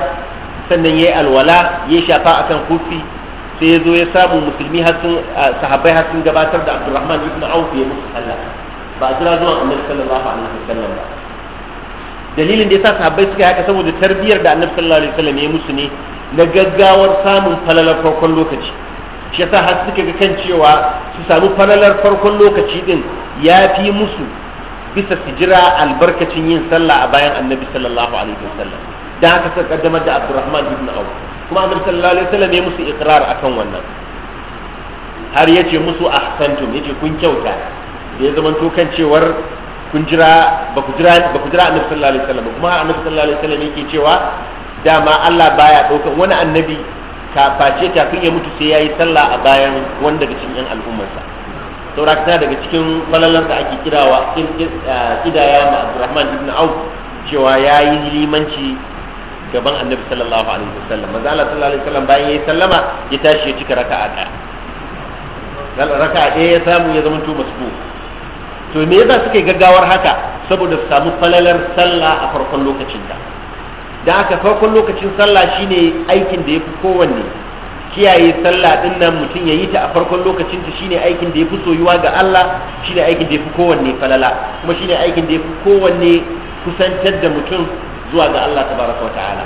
sannan ya yi alwala ya shafa a kan kufi sai ya zo ya samu musulmi har sahabbai har sun gabatar da Abdulrahman ibn Auf ya musu sallah ba a jira zuwa Annabi sallallahu alaihi wasallam ba dalilin da yasa sahabbai suka haka saboda tarbiyar da Annabi sallallahu alaihi wasallam ya musu ne na gaggawar samun falalar farkon lokaci shi yasa har suka ga kan cewa su samu falalar farkon lokaci din ya fi musu bisa su jira albarkacin yin sallah a bayan annabi sallallahu alaihi wasallam dan haka suka kaddamar da Abdurrahman ibn Auf kuma annabi sallallahu alaihi wasallam ya musu iqrar akan wannan har yace musu ahsantum yace kun kyauta da ya zama to kan cewar kun jira ba ku jira ba ku jira annabi sallallahu alaihi wasallam kuma annabi sallallahu alaihi wasallam yake cewa dama Allah baya daukan wani annabi ka face ta kun ya mutu sai yayi sallah a bayan wanda daga cikin al'ummarsa saura ta daga cikin falalar da ake kirawa ah, kidaya ma Abdurrahman ibn Auf cewa ya yi limanci gaban Annabi sallallahu alaihi wasallam maza Allah sallallahu alaihi wasallam bayan yayi sallama ya tashi ya cika raka'a ɗaya raka raka'a ɗaya ya samu ya zama to su to me yasa yi gaggawar haka saboda su samu falalar sallah a farkon lokacin ta da aka farkon lokacin sallah shine aikin da yafi kowanne kiyaye sallah din nan mutum ya yi ta a farkon lokacin ta shine aikin da yafi soyuwa ga Allah shine aikin da yafi kowanne falala kuma shine aikin da yafi kowanne kusantar da mutum zuwa ga Allah tabaraka wa ta'ala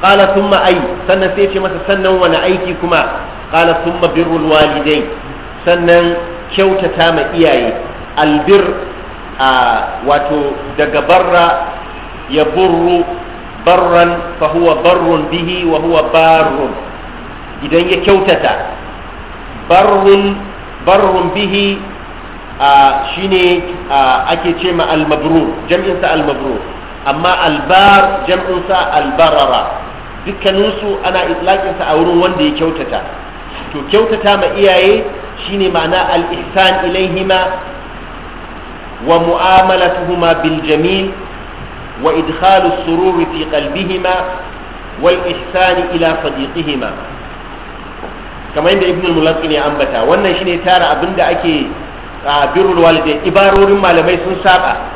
qala thumma ay sannan sai ce masa sannan wani aiki kuma qala thumma birrul walidain sannan kyautata ma iyaye albir a wato daga barra ya burru barran fa huwa barrun bihi wa huwa barrun idan ya kyautata barrun barrun bihi shine ake ce ma al-mabrur jam'in sa amma albar jam'in sa dukkaninsu ana itlaqin sa a wurin wanda ya kyautata to kyautata ma iyaye shine ma'ana al-ihsan ilaihima wa mu'amalatuhuma bil jamil وإدخال السرور في قلبهما والإحسان إلى صديقهما kamar yadda ibn al-mulaqin ya ambata wannan shine tara abinda ake a birrul walidai ibarorin malamai sun saba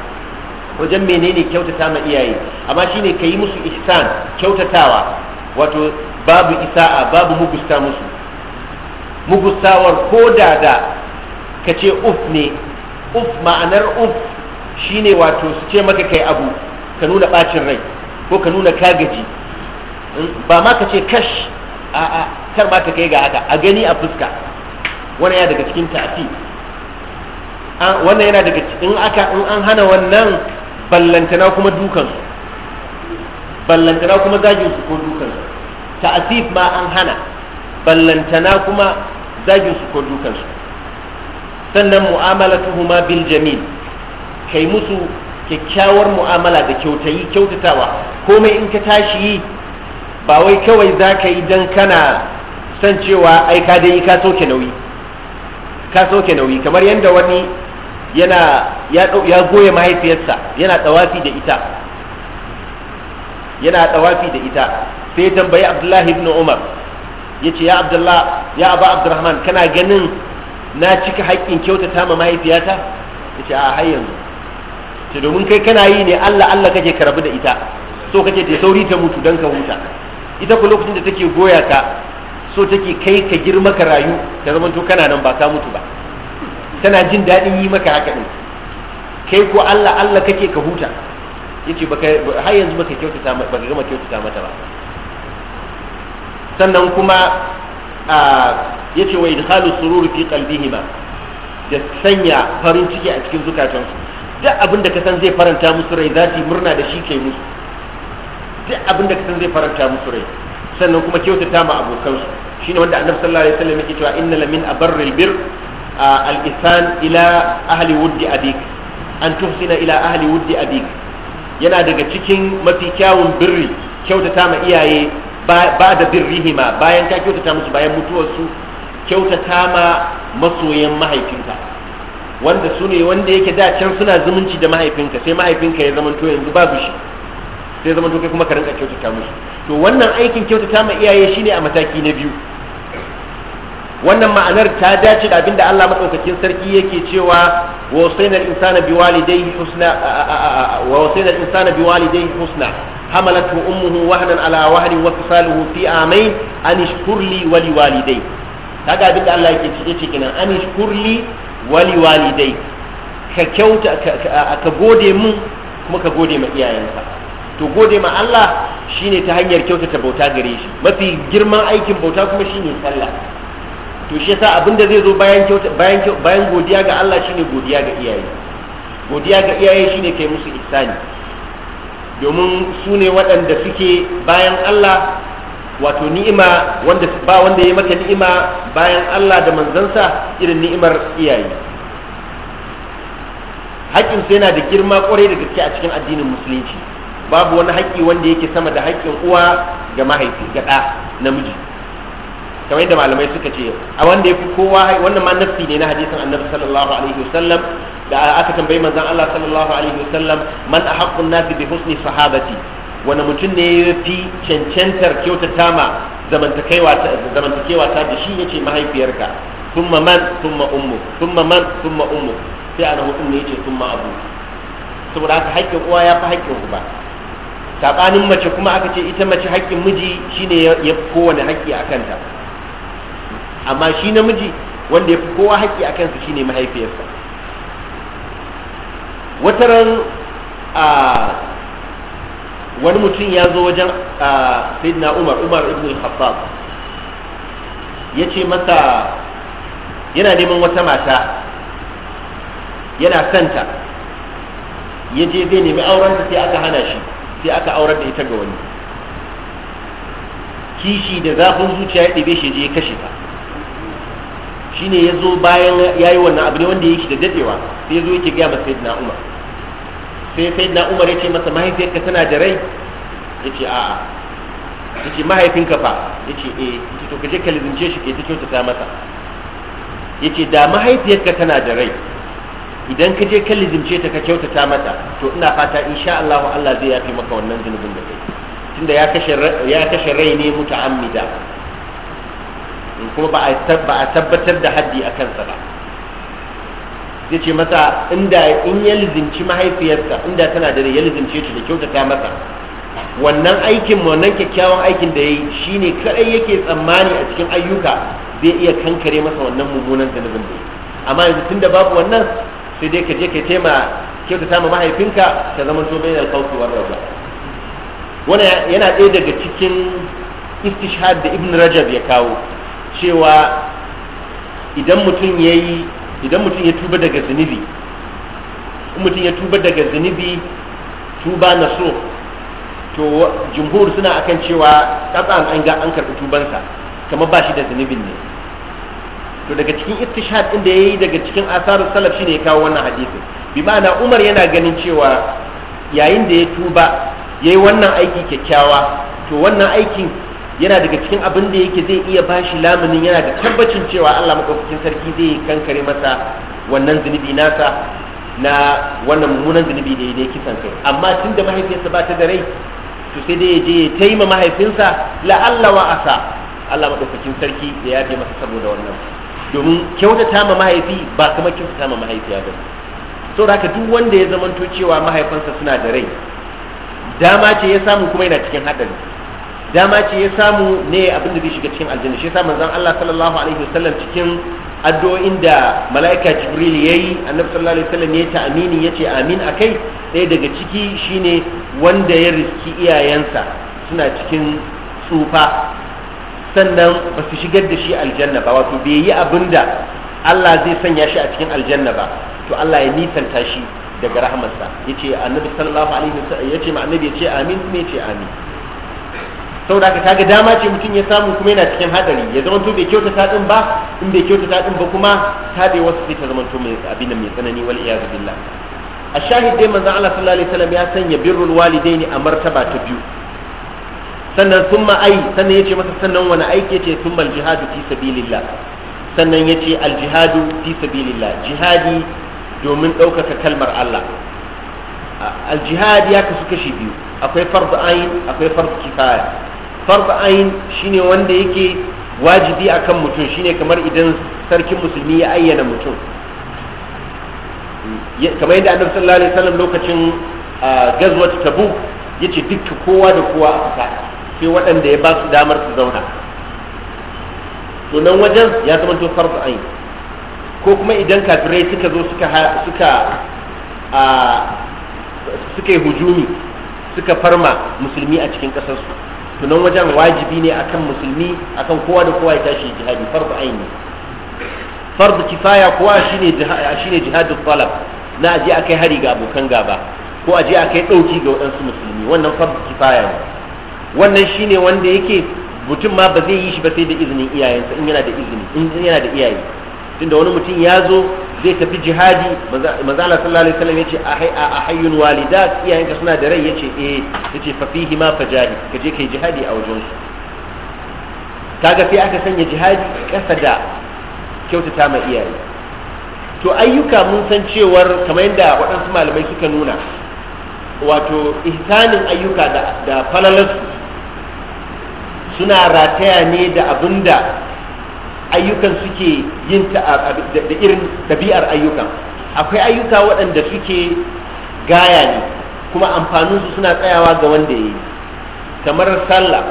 wajen menene kyautata ma iyaye amma shine kayi musu ihsan kyautatawa wato babu isa'a babu mugusta musu mugustawar ko da da kace uf ne uf ma'anar uf shine wato su ce maka kai abu ka nuna bacin rai ko ka nuna kagaji ba ma ka ce kash a a kar ma ta kai ga haka a gani a fuska wannan yana daga cikin tafi wannan yana daga cikin aka in an hana wannan ballantana kuma dukan ballantana kuma zagin su ko dukan ta'asif ma an hana ballantana kuma zagin su ko dukan sannan mu'amalatuhuma bil jamil kai musu kyakkyawar mu'amala da kyautayi kyautatawa komai in ka tashi yi ba wai kawai za ka yi don kana san cewa ai ka dai ka soke nauyi ka soke nauyi kamar yadda wani yana ya goye mahaifiyarsa yana tsawafi da ita yana tsawafi da ita sai tambayi abdullahi ibn umar ya ce ya abdullah ya abu abdurrahman kana ganin na cika haƙƙin kyautata ma mahaifiyata ya ce a har yanzu ce domin kai kana yi ne Allah Allah kake ka rabu da ita so kake ta sauri ta mutu dan ka huta ita ku lokacin da take goya ka so take kai ka girma ka rayu ta zama to kana nan ba ka mutu ba tana jin daɗin yi maka haka din kai ko Allah Allah kake ka huta yace baka har yanzu baka kyautata baka gama kyautata mata ba sannan kuma yace wa idhalu sururi fi qalbihima da sanya farin ciki a cikin zukatansu duk abin da ka san zai faranta musu rai zati murna da shi kai musu duk abin da ka san zai faranta musu rai sannan kuma kyautata ma abokansu shine wanda annabi sallallahu alaihi wasallam yake cewa inna lamin abarril bir al-isan ila ahli wuddi abik an tuhsina ila ahli wuddi abik yana daga cikin mafi kyawun birri kyautata ma iyaye ba da birrihima bayan ka kyautata musu bayan mutuwarsu kyautata ma masoyan mahaifinka wanda su ne wanda yake da can suna zumunci da mahaifinka sai mahaifinka ya zama to yanzu babu shi sai zama to kai kuma ka rinka kyautata musu to wannan aikin kyautata ma iyaye shine a mataki na biyu wannan ma'anar ta dace da abinda Allah madaukakin sarki yake cewa wa wasaina al-insana biwalidayhi husna wa wasaina al-insana biwalidayhi husna ummuhu أمه ala على wa وفصاله fi amain أن اشكر لي ولوالدي kaga abinda Allah yake cike cikin wali dai ka kyauta ka gode mu kuma ka gode ma iyayenka to gode ma Allah shine ta hanyar kyautata bauta gare shi mafi girman aikin bauta kuma shine sallah to shi yasa abin da zai zo bayan kyauta bayan bayan godiya ga Allah shine godiya ga iyaye godiya ga iyaye shine kai musu ihsani domin sune waɗanda suke bayan Allah wato ni'ima wanda ba wanda ya maka ni'ima bayan Allah da manzansa irin ni'imar iyaye haƙƙin sai yana da girma ƙwarai da gaske a cikin addinin musulunci babu wani haƙƙi wanda yake sama da haƙƙin uwa ga mahaifi ga ɗa namiji kamar yadda malamai suka ce a wanda ya fi kowa wannan ma nafsi ne na hadisin annabi sallallahu alaihi wasallam da aka tambayi manzon Allah sallallahu alaihi wasallam man ahaqqu an-nasi bi husni sahabati wani mutum ne ya fi cancantar kyautata ma zamantakewa ta da shi ya ce mahaifiyarka sun man sun ummu sun man sun ummu sai ana hukun ne ya ce sun abu saboda haka haƙƙin uwa ya fi haƙƙin uba saɓanin mace kuma aka ce ita mace haƙƙin miji shine ya fi kowane haƙƙi a kanta amma shi namiji wanda ya fi kowa haƙƙi a kansa shine mahaifiyarsa wataran a wani mutum ya zo wajen sayyidina umar umar ibn khattab ya ce masa yana neman wata mata yana santa ya je zai nemi aurenta sai aka hana shi sai aka aurar da ita ga wani kishi da zafin zuciya ya ɗebe shi je ya kashe ta shine ya zo bayan ya yi wannan abu ne wanda ya yi shi da dadewa sai ya zo yake gaya masa sayyidina umar sai sai na umar ya ce masa mahaifiyarka tana da rai ya ce a'a ya ce mahaifinka fa ya ce eh ya ce to ka je ka lizince shi ke ta kyautata masa ya ce da mahaifiyarka tana da rai idan ka je ka lizince ta ka kyautata mata to ina fata insha Allah Allah zai yafi maka wannan zunubin da kai tunda ya kashe ya kashe rai ne muta'ammida kuma ba a tabbatar da haddi akan sa ba ya ce masa inda in ya lizinci mahaifiyarsa inda tana da ya lizince ta da kyautata masa wannan aikin wannan kyakkyawan aikin da ya yi shi ne kaɗai yake tsammani a cikin ayyuka zai iya kankare masa wannan mummunan zanubin da amma yanzu tun da babu wannan sai dai ka je ka tema kyautata ma mahaifinka ka zama so bai alkawfi wa rabuwa wannan yana ɗaya daga cikin istishhad da ibn rajab ya kawo cewa idan mutum ya yi idan mutum ya tuba daga zunubi in mutum ya tuba daga zunubi tuba na so to jumhur suna akan cewa tsatsan an ga an karɓi tubansa kamar ba shi da zunubin ne to daga cikin ittishad din da yayi daga cikin asarus salaf shine ya kawo wannan hadisin bi ma'ana Umar yana ganin cewa yayin da ya tuba yayi wannan aiki kyakkyawa to wannan aikin yana daga cikin abin da yake zai iya bashi lamunin yana da tabbacin cewa Allah madaukakin sarki zai yi kankare masa wannan zunubi nasa na wannan mummunan zunubi da ya kisan kai amma tun da mahaifinsa ba ta da rai to sai dai ya je ya taima mahaifinsa la'alla wa asa Allah madaukakin sarki da ya masa saboda wannan domin kyautata ma mahaifi ba kuma kyautata ma mahaifiya ba saboda haka duk wanda ya zamanto cewa mahaifansa suna da rai dama ce ya samu kuma yana cikin haɗari dama ce ya samu ne abin da zai shiga cikin aljanna shi yasa manzon Allah sallallahu alaihi wasallam cikin addu'o'in da mala'ika Jibril yayi annabi sallallahu alaihi wasallam ya ta aminin yace amin akai ɗaya daga ciki shine wanda ya riski iyayensa suna cikin tsufa sannan ba su shigar da shi aljanna ba wato bai yi abin da Allah zai sanya shi a cikin aljanna ba to Allah ya nisanta shi daga rahamarsa yace annabi sallallahu alaihi wasallam yace ma annabi yace amin kuma yace amin sau saboda haka ga dama ce mutum ya samu kuma yana cikin hadari ya zama to bai kyautata din ba in bai kyautata din ba kuma ta tabe wasu sai ta zama to mai abin mai tsanani wal iyaz billah a shahid dai manzon Allah sallallahu alaihi wasallam ya sanya birrul walidaini a martaba ta biyu sannan summa ai sannan yace masa sannan wani aiki ce summa al jihadu fi sabilillah sannan yace al jihadu fi sabilillah jihadi domin ɗaukaka kalmar Allah al jihad ya kasu kashi biyu akwai fardu ain akwai fardu kifaya fardu ayin shine wanda yake wajibi akan mutum shine kamar idan sarkin musulmi ya ayyana mutum kamar yadda annabi sallallahu alaihi wasallam lokacin gazwat tabuk yace dukkan kowa da kowa a fita sai waɗanda ya ba su damar su zauna to nan wajen ya zama to farz ayin ko kuma idan kafirai suka zo suka suka a suka yi hujumi suka farma musulmi a cikin ƙasarsu to wajen wajibi ne akan musulmi akan kowa da kowa ya tashi jihadi farko aini fardu kifaya kowa shine shine jihadul talab na aje akai hari ga abokan gaba ko aje akai dauki ga wadansu musulmi wannan fardu kifaya ne wannan shine wanda yake mutum ma ba zai yi shi ba sai da izinin iyayensa in yana da izini in yana da iyaye tunda wani mutum ya zo zai tafi jihadi maza sallallahu alaihi wasallam yace a hayyun walidat ka suna da rai yace eh yace fa fihi ma fajahi kaje kai jihadi a wajen su kaga sai aka sanya jihadi kasa da kyautata ma iyaye to ayyuka mun san cewar kamar yadda waɗansu malamai suka nuna wato ihsanin ayyuka da da falalarsu suna rataya ne da abinda ayyukan suke yin ta da irin ɗabi'ar ayyukan akwai ayyuka waɗanda suke gaya ne kuma amfanin su suna tsayawa ga wanda ya yi kamar sallah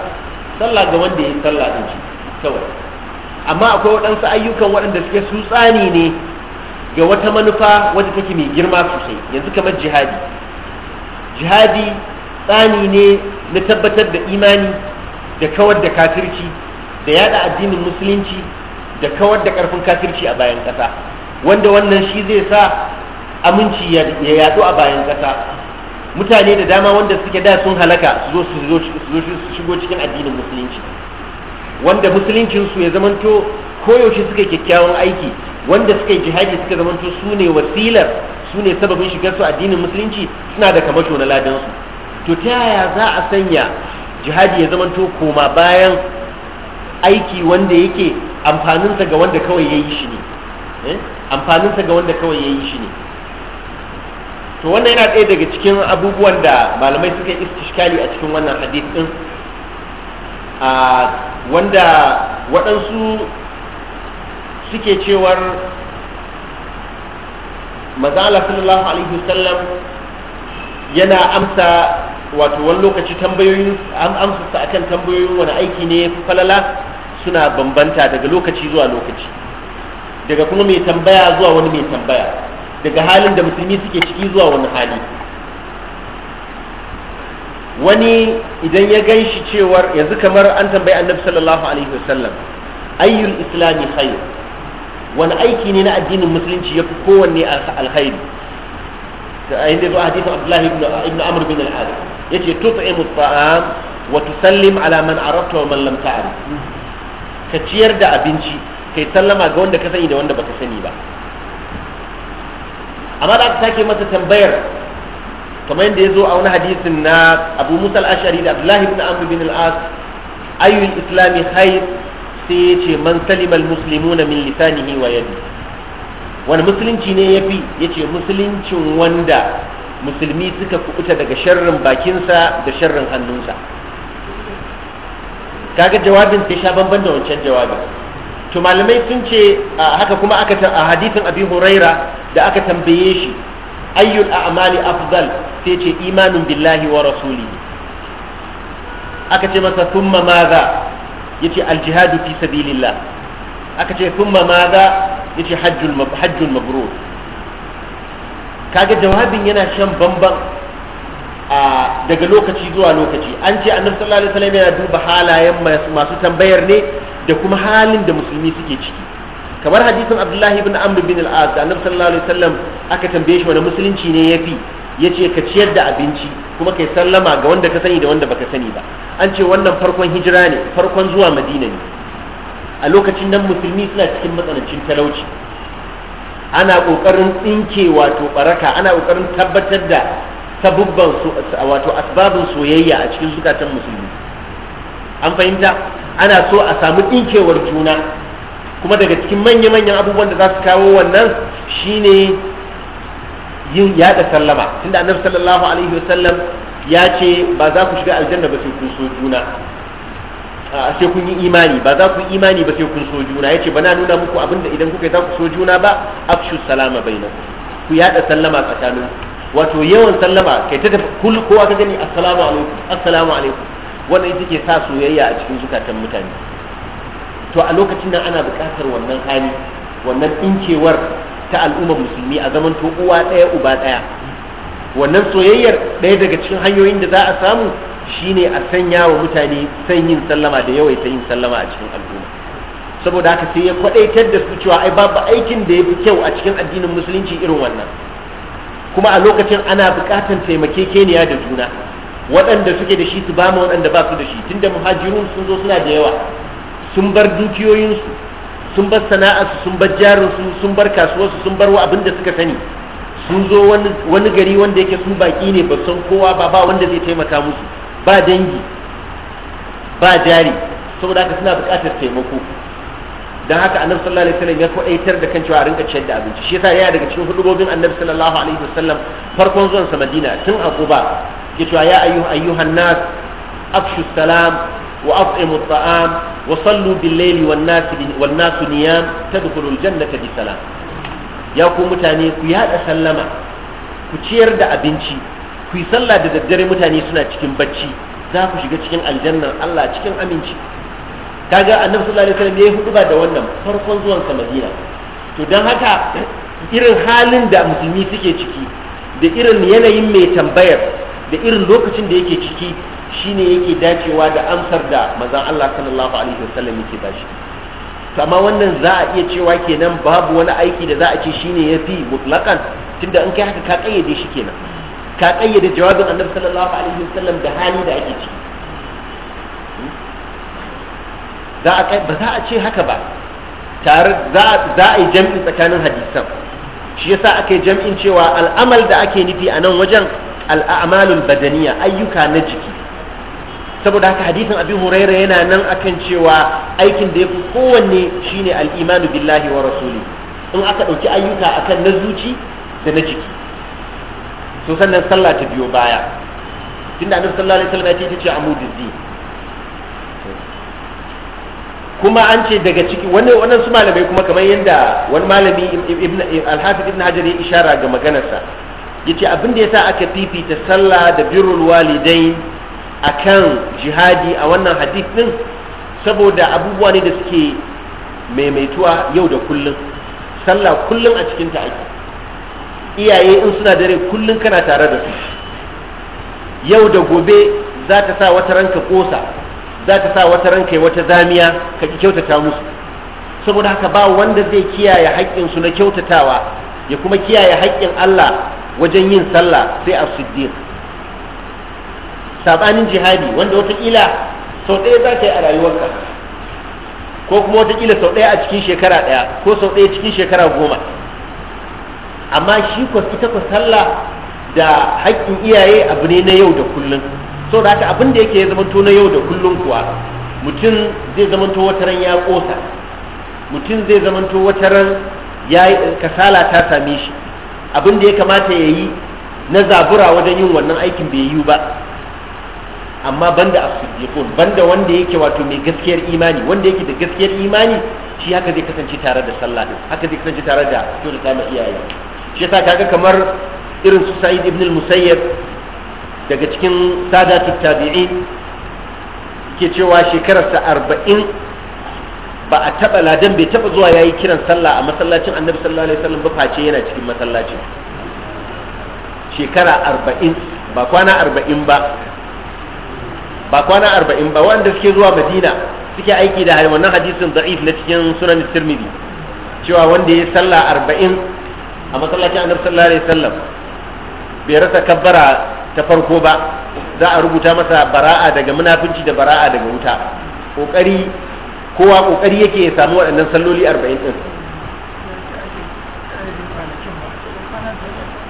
sallah ga wanda ya yi sallah din shi kawai amma akwai waɗansu ayyukan waɗanda suke su tsani ne ga wata manufa wadda take mai girma sosai yanzu kamar jihadi jihadi tsani ne na tabbatar da imani da kawar da kafirci da yada addinin musulunci da kawar da karfin kafirci a bayan kasa wanda wannan shi zai sa aminci ya yadu a bayan kasa mutane da dama wanda suke da sun halaka su zo su su shigo cikin addinin musulunci wanda musuluncin su ya zamanto koyaushe suka kyakkyawan aiki wanda suka yi jihadi suka zamanto su ne wasilar su ne sababin shigar su addinin musulunci suna da kamasho na ladan su to ta yaya za a sanya jihadi ya zamanto koma bayan aiki wanda yake amfaninsa ga wanda kawai ya yi shi ne eh? amfaninsa ga wanda kawai ya yi shi ne to wannan yana ɗaya daga cikin abubuwan da malamai suka yi istishkali a cikin wannan hadith ɗin wanda waɗansu suke cewar mazala sallallahu alaihi wasallam yana amsa wato wani lokaci tambayoyin amsa akan tambayoyin wani aiki ne falala suna bambanta daga lokaci zuwa lokaci daga kuma mai tambaya zuwa wani mai tambaya daga halin da musulmi suke ciki zuwa wani hali wani idan ya gan shi cewar yanzu kamar an tambayi annabi sallallahu alaihi wasallam ayyul islami khair wani aiki ne na addinin musulunci yafi kowanne alkhairi da ayin da zuwa hadisin abdullahi ibn amr bin al-hadi yace tut'imu at-ta'am wa tusallim ala man arafta wa man lam ta'rif ka ciyar da abinci kai sallama ga wanda ka sani da wanda baka sani ba amma da aka sake masa tambayar kamar yadda ya zo a wani hadisin na abu musa al da abdullahi ibn amr bin al-as ayyul islami khair sai ya ce man salima al-muslimuna min lisanihi wa yadi wani musulunci ne yafi yace musuluncin wanda musulmi suka kubuta daga sharrin bakinsa da sharrin hannunsa kaga jawabin sai sha bamban da wancan jawabin to malamai sun ce haka kuma aka a hadisin abi huraira da aka tambaye shi ayyul a'mali afdal sai ce imanin billahi wa rasuli aka ce masa thumma madha yace aljihadu fi sabilillah aka ce thumma madha yace hajjul mabrur kaga jawabin yana shan bamban daga lokaci zuwa lokaci an ce annabi sallallahu alaihi wasallam yana duba halayen masu tambayar ne da kuma halin da musulmi suke ciki kamar hadisin abdullahi ibn amr bin al-az da annabi sallallahu alaihi wasallam aka tambaye shi wani musulunci ne yafi yace ka ciyar da abinci kuma kai sallama ga wanda ka sani da wanda baka sani ba an ce wannan farkon hijira ne farkon zuwa madina ne a lokacin nan musulmi suna cikin matsanancin talauci ana kokarin tsinke wato baraka ana kokarin tabbatar da sabubban wato asbabin soyayya a cikin zukatan musulmi an fahimta ana so a samu ɗinkewar juna kuma daga cikin manya-manyan abubuwan da za su kawo wannan shine yin yada sallama tunda annabi sallallahu alaihi wasallam ya ce ba za ku shiga aljanna ba sai kun so juna a sai kun yi imani ba za ku yi imani ba sai kun so juna yace bana nuna muku abinda idan kuka yi za ku so juna ba afshu salama bainakum ku yada sallama tsakaninku wato yawan sallama kai ta tafi kowa ka gani assalamu alaikum assalamu alaikum wannan ita ke sa soyayya a cikin zukatan mutane to a lokacin nan ana buƙatar wannan hali wannan ɗinkewar ta al'ummar musulmi a zaman to uwa ɗaya uba ɗaya wannan soyayyar ɗaya daga cikin hanyoyin da za a samu shine a sanya wa mutane san yin sallama da yawaita yin sallama a cikin al'umma saboda haka sai ya kwadaitar da su cewa ai babu aikin da ya fi kyau a cikin addinin musulunci irin wannan kuma a lokacin ana buƙatar taimakekeniya da juna waɗanda suke da shi su ba waɗanda ba su da shi tunda muhajirun sun zo suna da yawa sun bar dukiyoyinsu sun bar sana'arsu sun bar jarinsu sun bar kasuwarsu sun bar abin da suka sani sun zo wani gari wanda yake sun baƙi ne ba san kowa ba ba wanda zai taimaka musu ba dangi ba jari saboda haka suna buƙatar taimako dan haka annabi sallallahu alaihi wasallam ya kwadaitar da kan cewa a rinka ciyar da abinci shi yasa yaya daga cikin hudubobin annabi sallallahu alaihi wasallam farkon zuwan sa Madina tun a Quba ke cewa ya ayyuha ayyuhan nas afshu salam wa at'imu at'am wa sallu bil layli wan nas wan nas niyam tadkhulu al jannata bi salam ya ku mutane ku yada sallama ku ciyar da abinci ku yi sallah da daddare mutane suna cikin bacci za ku shiga cikin aljannar Allah cikin aminci kaga annabi sallallahu alaihi wasallam ya huduba da wannan farkon zuwan sa madina to dan haka irin halin da musulmi suke ciki da irin yanayin mai tambayar da irin lokacin da yake ciki shine yake dacewa da amsar da manzon Allah sallallahu alaihi wasallam yake bashi amma wannan za a iya cewa kenan babu wani aiki da za a ce shine yafi mutlaqan tunda in kai haka ka kayyade shi kenan ka kayyade jawabin annabi sallallahu alaihi wasallam da hali da ake ciki za a kai ba za a ce haka ba tare za a yi jam'i tsakanin hadisan shi yasa aka yi jam'in cewa al'amal da ake nufi a nan wajen al'amalin badaniya ayyuka na jiki saboda haka hadisin abin huraira yana nan akan cewa aikin da ya fi kowanne shine al'imanu billahi wa rasuli in aka ɗauki ayyuka akan na zuci da na jiki to sannan sallah ta biyo baya tunda annabi sallallahu alaihi wasallam ya ce amudizzi kuma an ce daga ciki wannan wannan su malamai kuma kamar yadda wani malami al-hafiz ibn hajar ya ishara ga maganarsa yace abin da yasa aka fifita sallah da birrul walidain akan jihadi a wannan hadith din saboda abubuwa ne da suke maimaituwa yau da kullum sallah kullum a cikin ta ake iyaye in suna dare kullum kana tare da su yau da gobe za ta sa wata ranka kosa za ta sa wata ranka wata zamiya ka ki kyautata musu saboda haka ba wanda zai kiyaye haƙƙin su na kyautatawa ya kuma kiyaye haƙƙin Allah wajen yin sallah sai as-siddiq sabanin jihadi wanda watakila sau ɗaya za ka yi a rayuwarka ko kuma watakila sau ɗaya a cikin shekara ɗaya ko sau ɗaya cikin shekara goma amma shi kwas ita ku sallah da haƙƙin iyaye abu ne na yau da kullum so da haka abin da yake ya zamanto na yau da kullum kuwa mutum zai zamanto wata ran ya kosa mutum zai zamanto wata ran ya kasala ta same shi abin da ya kamata ya yi na zabura wajen yin wannan aikin bai yi ba amma banda as banda wanda yake wato mai gaskiyar imani wanda yake da gaskiyar imani shi haka zai kasance tare da sallah din haka zai kasance tare da kyautata ma iyaye shi yasa kaga kamar irin su Sa'id ibn al-Musayyib daga cikin sadatu tabi'i ke cewa shekararsa arba'in ba a taɓa ladan bai taɓa zuwa yayi kiran sallah a masallacin annabi sallallahu alaihi wasallam ba face yana cikin masallacin shekara arba'in ba kwana arba'in ba ba kwana arba'in ba wanda suke zuwa madina suke aiki da wannan hadisin da'if na cikin sunan tirmidhi cewa wanda ya sallah arba'in a masallacin annabi sallallahu alaihi wasallam bai rasa kabbara ta farko ba za a rubuta masa bara'a daga munafinci da bara'a daga wuta kokari kowa kokari yake ya samu waɗannan salloli 40 din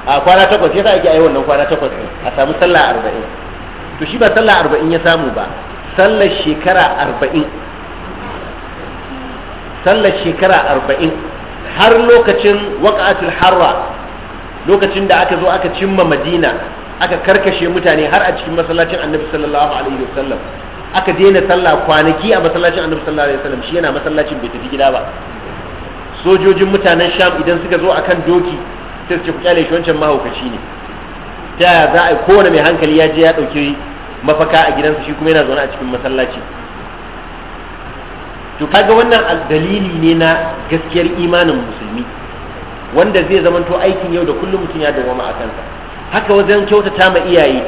a kwana takwas yasa ake ayyukan wannan kwana takwas a samu sallah 40 to shi ba sallah 40 ya samu ba sallar shekara 40 sallar shekara 40 har lokacin waqa'atul harra lokacin da aka zo aka cimma madina aka karkashe mutane har a cikin masallacin annabi sallallahu alaihi wasallam aka daina sallah kwanaki a masallacin annabi sallallahu alaihi wasallam shi yana masallacin bai tafi gida ba sojojin mutanen sham idan suka zo akan doki sai su ce ku kyale shi wancan mahaukaci ne ta yaya za a yi kowane mai hankali ya je ya dauki mafaka a gidansa shi kuma yana zaune a cikin masallaci to kaga wannan dalili ne na gaskiyar imanin musulmi wanda zai zamanto aikin yau da kullum mutum ya dawoma a kansa haka wajen kyautata ma iyaye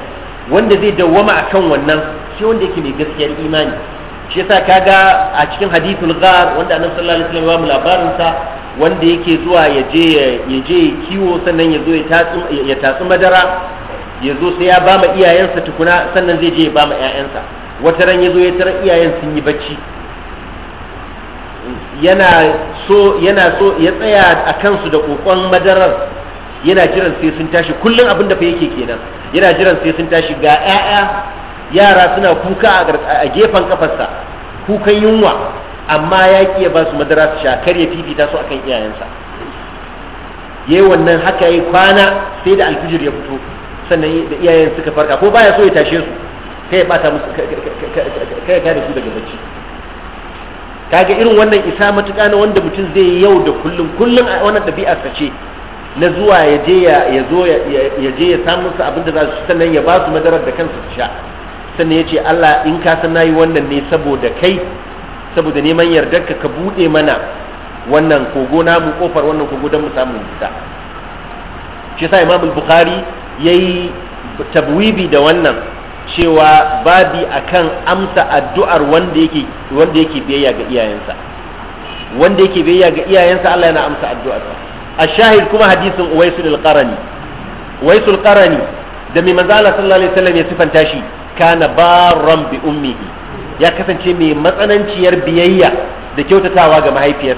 wanda zai dawwama a kan wannan shi wanda yake mai gaskiyar imani shi yasa ga a cikin hadithul ghar wanda annabi sallallahu alaihi wasallam ya mu labarin sa wanda yake zuwa ya je ya je kiwo sannan ya zo ya tatsu ya tatsu madara ya zo sai ya bama iyayensa tukuna sannan zai je ya bama ƴaƴansa wata ran ya zo ya tarar iyayen sun yi bacci yana so yana so ya tsaya a kansu da kokon madarar yana jiran sai sun tashi kullum abin da fa yake kenan yana jiran sai sun tashi ga 'ya'ya yara suna kuka a gefen kafarsa kukan yunwa amma ya ki ya ba su madara su sha kar ya fifita su akan iyayensa yayi wannan haka yayi kwana sai da alfijir ya fito sannan da iyayen suka farka ko baya so ya tashe su kai ya bata musu kai ya da su daga bacci kaga irin wannan isa matuƙa na wanda mutum zai yi yau da kullum kullum a wannan ɗabi'arsa ce na zuwa ya je ya zo samu su abin da za su sannan ya ba su madarar da kansu su sha sannan ya ce Allah in ka san nayi wannan ne saboda kai saboda neman yardarka ka buɗe mana wannan kogo namu kofar wannan kogo don mu samu fita shi sa Imam Bukhari yi tabwibi da wannan cewa babi akan amsa addu'ar wanda yake wanda yake biyayya ga iyayensa wanda yake biyayya ga iyayensa Allah yana amsa addu'arsa الشاهد كما حديث ويس القرني ويس القرني دمي من زال صلى الله عليه وسلم يصفا تاشي كان بارا بأمه يا كسن شيء من مثلا شير بيئة da kyautatawa ga هاي ya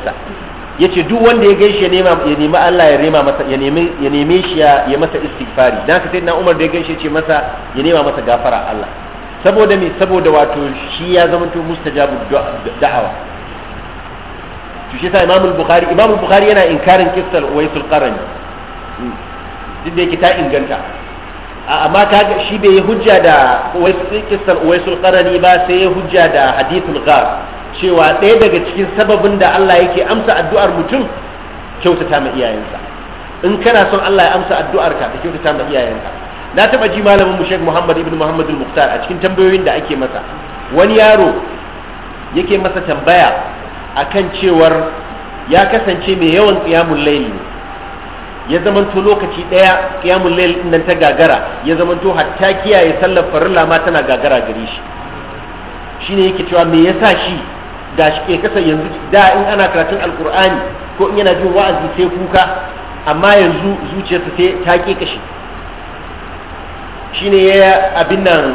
yace duk wanda ya gaishe ne ma ya nemi Allah ya rema masa ya nemi ya neme shi ya masa istighfari dan haka sai na Umar da ya gaishe ce masa ya nema masa gafara Allah saboda me saboda wato shi ya zama to mustajabu da'awa to shi sa Imam al-Bukhari Imam al-Bukhari yana inkarin kissar Uwais al-Qarni din da yake ta inganta amma kaga shi bai yi hujja da kissar Uwais al-Qarni ba sai yi hujja da hadithul ghar cewa ɗaya daga cikin sababin da Allah yake amsa addu'ar mutum kyautata ma iyayensa in kana son Allah ya amsa addu'arka ka kyautata ma iyayenka na taba ji malamin mu Sheikh Muhammad ibn Muhammad al-Muqtar a cikin tambayoyin da ake masa wani yaro yake masa tambaya akan cewar ya kasance mai yawan qiyamul laili ya zamanto lokaci daya qiyamul layl nan ta gagara ya zamanto hatta kiyaye sallar farilla ma tana gagara gare shi shine yake cewa me yasa shi da shi ke kasa yanzu da in ana karatun alkur'ani ko in yana jin wa'azi sai kuka amma yanzu zuciyarsa sai ta ke kashi shine ya abin nan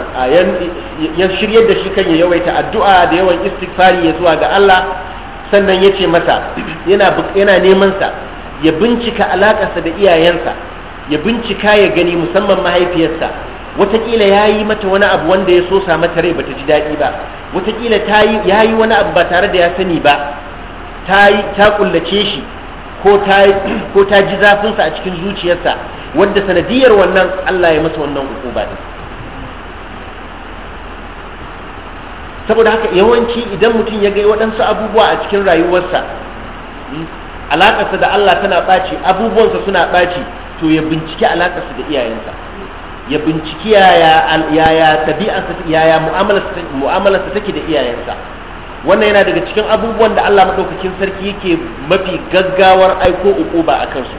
ya shiryar da shi kan ya yawaita addu'a da yawan istighfari ya zuwa ga Allah sannan ya ce masa yana neman sa ya bincika alakarsa da iyayensa ya bincika ya gani musamman mahaifiyarsa watakila ya yi mata wani abu wanda ya so sa mata rai ta ji daɗi ba watakila ya yi wani abu ba tare da ya sani ba ta kullace shi ko ta ji zafinsa a cikin zuciyarsa wanda sanadiyar wannan Allah ya masa wannan ta din saboda haka yawanci idan mutum ya ga waɗansu abubuwa a cikin rayuwarsa alaƙarsa da Allah tana ɓaci abubuwansa suna ɓaci to ya binciki alaƙarsa da iyayensa ya binciki yaya ɗabi'arsa yaya mu'amalarsa take da iyayensa wannan yana daga cikin abubuwan da Allah madaukakin sarki yake mafi gaggawar aiko ukuba a kansu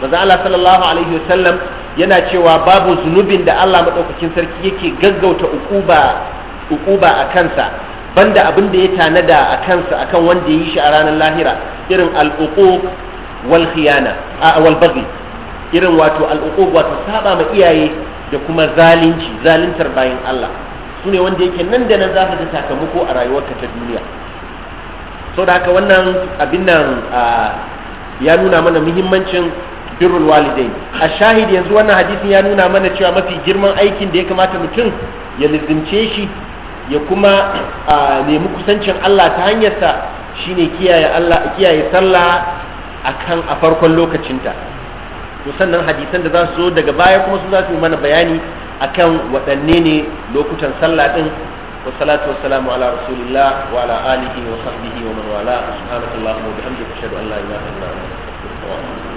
manzo Allah sallallahu alaihi wasallam yana cewa babu zunubin da Allah madaukakin sarki yake gaggauta ukuba. ukuba a kansa banda abin da ya tanada a kansa akan wanda ya yi shi a ranar lahira irin al'uquq wal khiyana wal baghi irin wato al'uquq wato saba ma iyaye da kuma zalunci zaluntar bayan Allah su ne wanda yake nan da nan za ka ga sakamako a rayuwarka ta duniya saboda haka wannan abin nan ya nuna mana muhimmancin birrul walidain a shahid yanzu wannan hadisin ya nuna mana cewa mafi girman aikin da ya kamata mutum ya lizince shi ya kuma nemi kusancin Allah ta hanyarsa shine kiyaye Allah kiyaye sallah akan a farkon lokacinta to sannan hadisan da za su zo daga baya kuma su za su yi mana bayani akan waɗanne ne lokutan sallah din wa salatu wa salamu ala rasulillah wa ala alihi wa sahbihi wa man wala subhanallahi wa bihamdihi ashhadu an la ilaha illa anta astaghfiruka wa atubu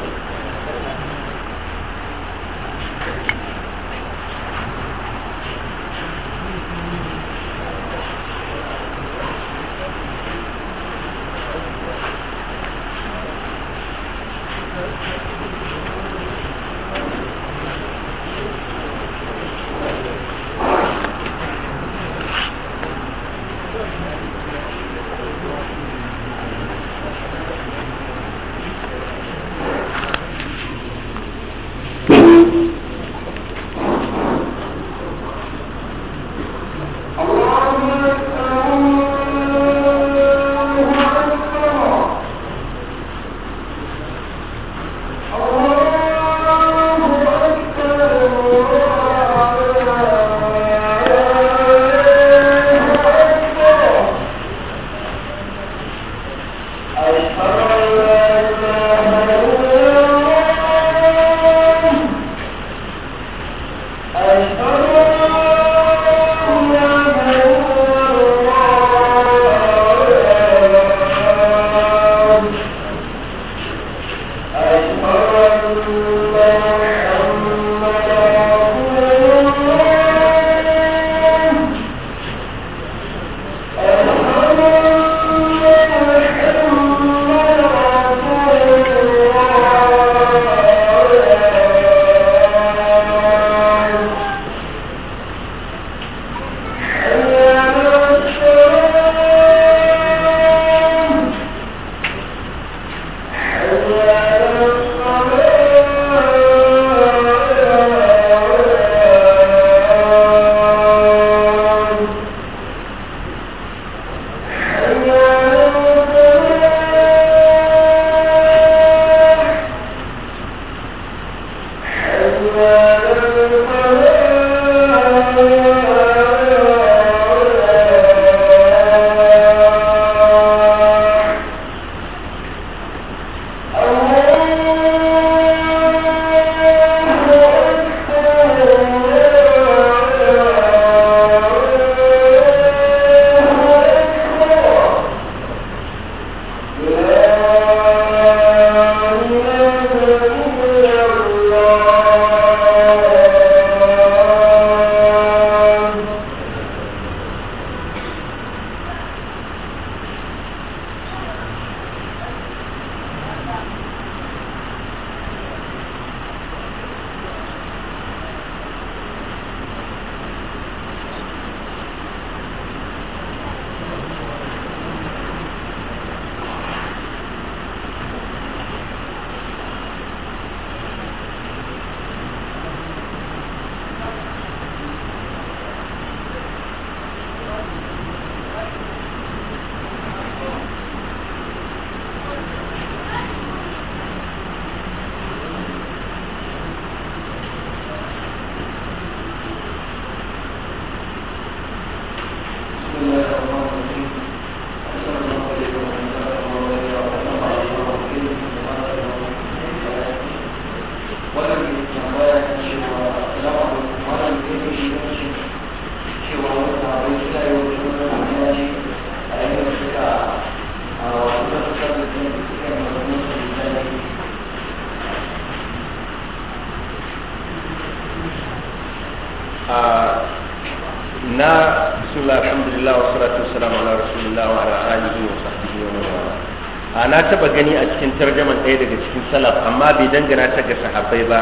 salaf amma bai dangana ta ga sahabbai ba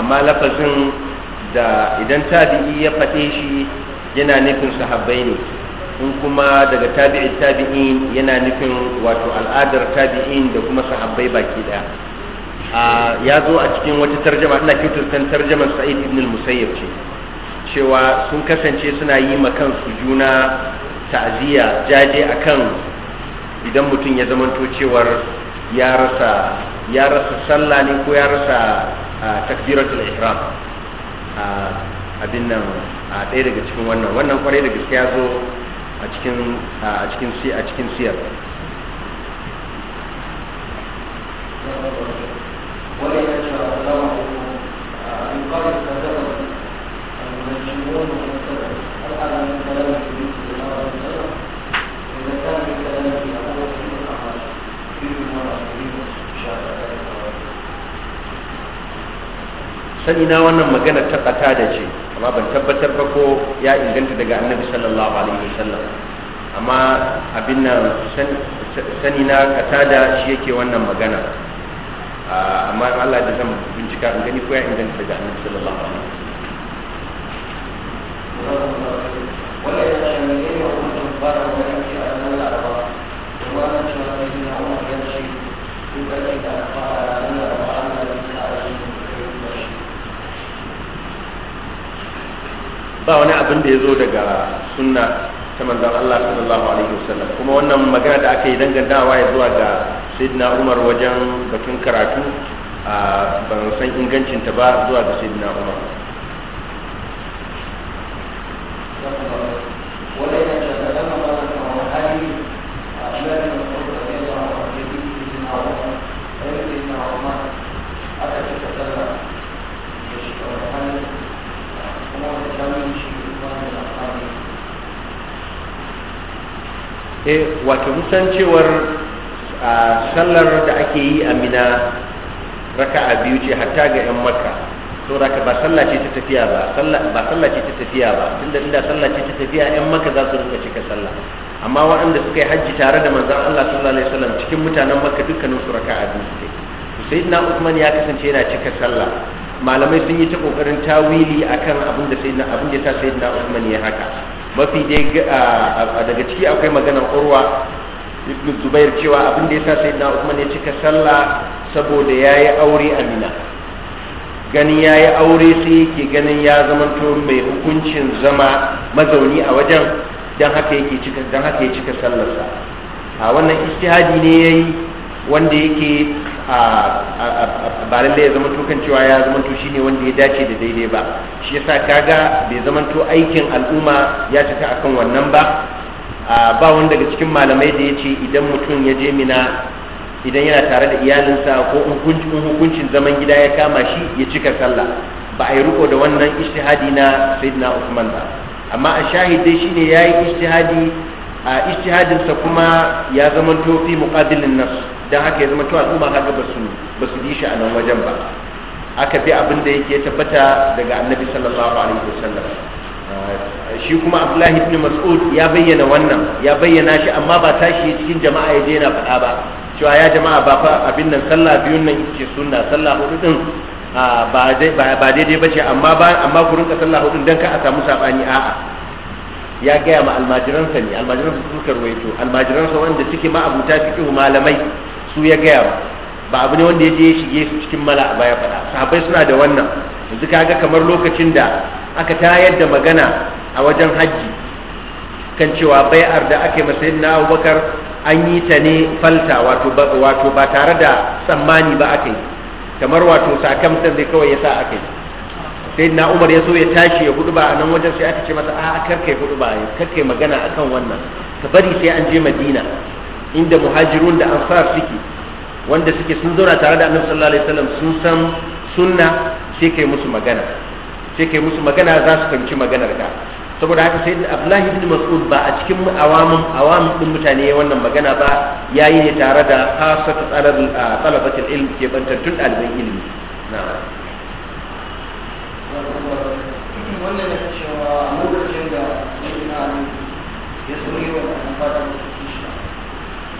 amma lafazin da idan tabi'i ya faɗe shi yana nufin sahabbai ne in kuma daga tabi'in tabi'in yana nufin wato al'adar tabi'in da kuma sahabbai baki ɗaya. ya zo a cikin wata tarjama ina kyautar tarjamar sa'id ibn al-musayyib ce cewa sun kasance suna yi ma kansu juna ta'aziyya jaje akan idan mutum ya zamanto cewar ya rasa ya rasa sallah ne ko ya rasa ah, takbiratul ihram ah, abin nan a ah, ɗaya daga cikin wannan wannan kwarai da gaske zo a cikin a cikin a cikin siyar Thank you. sani na wannan magana ta tsaka da ce amma ban tabbatar ba ko ya inganta daga annabi sallallahu alaihi wasallam amma abin nan sani na da shi yake wannan magana ah, amma Allah da zan bincika in gani ko ya inganta daga annabi sallallahu alaihi wasallam ba wani abin da ya zo daga sunna ta manzan Allah sallallahu alaihi wasallam kuma wannan magana da aka yi dangantawa ya zuwa ga saidina Umar wajen batun karatu a ban san ingancinta ba zuwa ga sayyidina Umar sai wato musancewar sallar da ake yi a mina a biyu ce hatta ga 'yan makka to raka ba sallah ce ta tafiya ba ba sallah ce ta tafiya ba tunda inda sallah ce ta tafiya 'yan makka za su rinka cika sallah amma waɗanda suka yi hajji tare da manzon Allah sallallahu alaihi wasallam cikin mutanen makka dukkanin su raka a biyu suke sayyidina Usman ya kasance yana cika sallah malamai sun yi ta kokarin tawili akan abin da sayyidina abin da ta sayyidina Usman ya haka mafi dai daga ciki akwai maganar urwa ibn zubair cewa abin da ya sa sayyidina usman ya cika sallah saboda yayi aure a Minna ganin yayi aure sai yake ganin ya zama zamanto mai hukuncin zama mazauni a wajen dan haka yake cika dan haka ya cika sallarsa a wannan istihadi ne yayi wanda yake ba lalle ya zama tukan cewa ya zama to shine wanda ya dace da daidai ba shi yasa kaga bai zama to aikin al'umma ya cika akan wannan ba ba wanda daga cikin malamai da ya ce idan mutum ya je mina idan yana tare da iyalinsa ko hukuncin zaman gida ya kama shi ya cika sallah ba a yi riko da wannan ishtihadi na sayyidina Usman ba amma a shahid dai shine yayi ishtihadi a ishtihadinsa kuma ya zama to fi muqabilin nafs don haka ya zama cewa al'umma haka ba su ba su bi shi a nan wajen ba aka bi abin da yake tabbata daga annabi sallallahu alaihi wasallam ah, shi kuma abdullahi ibn mas'ud ya bayyana wannan ya bayyana shi amma ba tashi cikin jama'a ya daina faɗa ba cewa ya jama'a ba fa abin nan sallah biyun nan ke sunna sallah hudu din ah, ba daidai ba ce amma ba amma ku rinka sallah hudu dan ka a samu sabani a'a ya gaya ma almajiransa ne almajiransa suka ruwaito almajiransa wanda suke ma abuta cikin malamai su ya gaya ba ba abu ne wanda ya je ya shige su cikin mala a baya faɗa sahabbai suna da wannan yanzu kaga kamar lokacin da aka tayar da magana a wajen hajji kan cewa bai'ar da aka yi masa na abubakar an yi ta ne falta wato ba tare da tsammani ba aka yi kamar wato sakamtan zai kawai ya sa aka yi sai na umar ya so ya tashi ya gudu ba a nan wajen sai aka ce masa a karkai gudu ba karkai magana akan wannan ka bari sai an je madina inda muhajirun da ansar suke wanda suke sun zauna tare da annabi sallallahu alaihi wasallam sun san sunna sai kai musu magana sai kai musu magana za su fahimci maganar ka saboda haka sai Abdullahi ibn Mas'ud ba a cikin awamin awamin din mutane wannan magana ba yayi ne tare da talabul talabatul ilm ke tun ɗaliban ilimi na'am wannan da cewa lokacin da ya so yi wa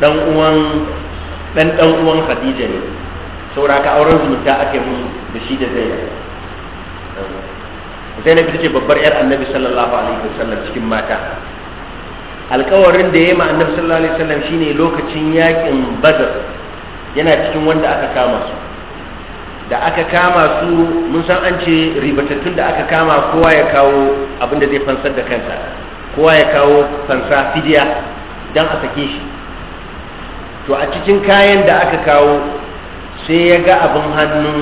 dan uwan dan dan uwan Khadija ne saboda ka auren zumunta ake musu da shi da zai Zainab ita ce babbar yar Annabi sallallahu alaihi wasallam cikin mata alkawarin da ya yi ma Annabi sallallahu alaihi wasallam shine lokacin yakin Badr yana cikin wanda aka kama su da aka kama su mun san an ce ribatattun da aka kama kowa ya kawo abin da zai fansar da kansa kowa ya kawo fansa fidiya don a sake shi to a cikin kayan da aka kawo sai ya ga abin hannun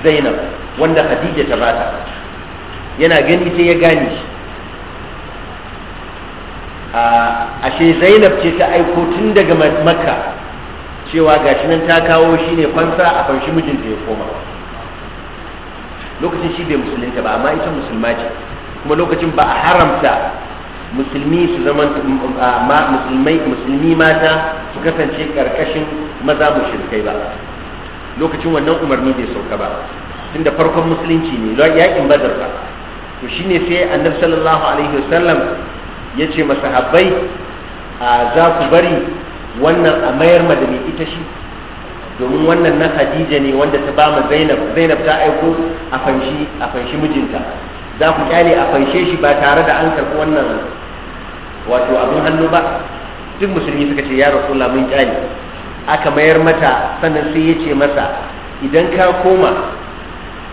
zainab wanda khadija ta bata yana gani sai ya gani. shi ashe zainab ce ta aiko tun daga makka cewa gashi nan ta kawo shi ne fansa a fanshi mijinta ya koma lokacin shi bai musulunta ba amma ita musulma ce kuma lokacin ba a haramta musulmi su zama musulmai musulmi mata su kasance karkashin maza mushrikai ba lokacin wannan umarni bai sauka ba tunda farkon musulunci ne yakin badar ba to shine sai annabi sallallahu alaihi wasallam ya ce masahabbai a za ku bari wannan a mayar ma da mai ita shi domin wannan na Khadija ne wanda ta ba ma Zainab Zainab ta aiko a fanshi a fanshi mijinta za ku kyale a fanshe shi ba tare da an karɓi wannan wato abin hannu ba duk musulmi suka ce ya rasulullah mun kyale aka mayar mata sannan sai ya ce masa idan ka koma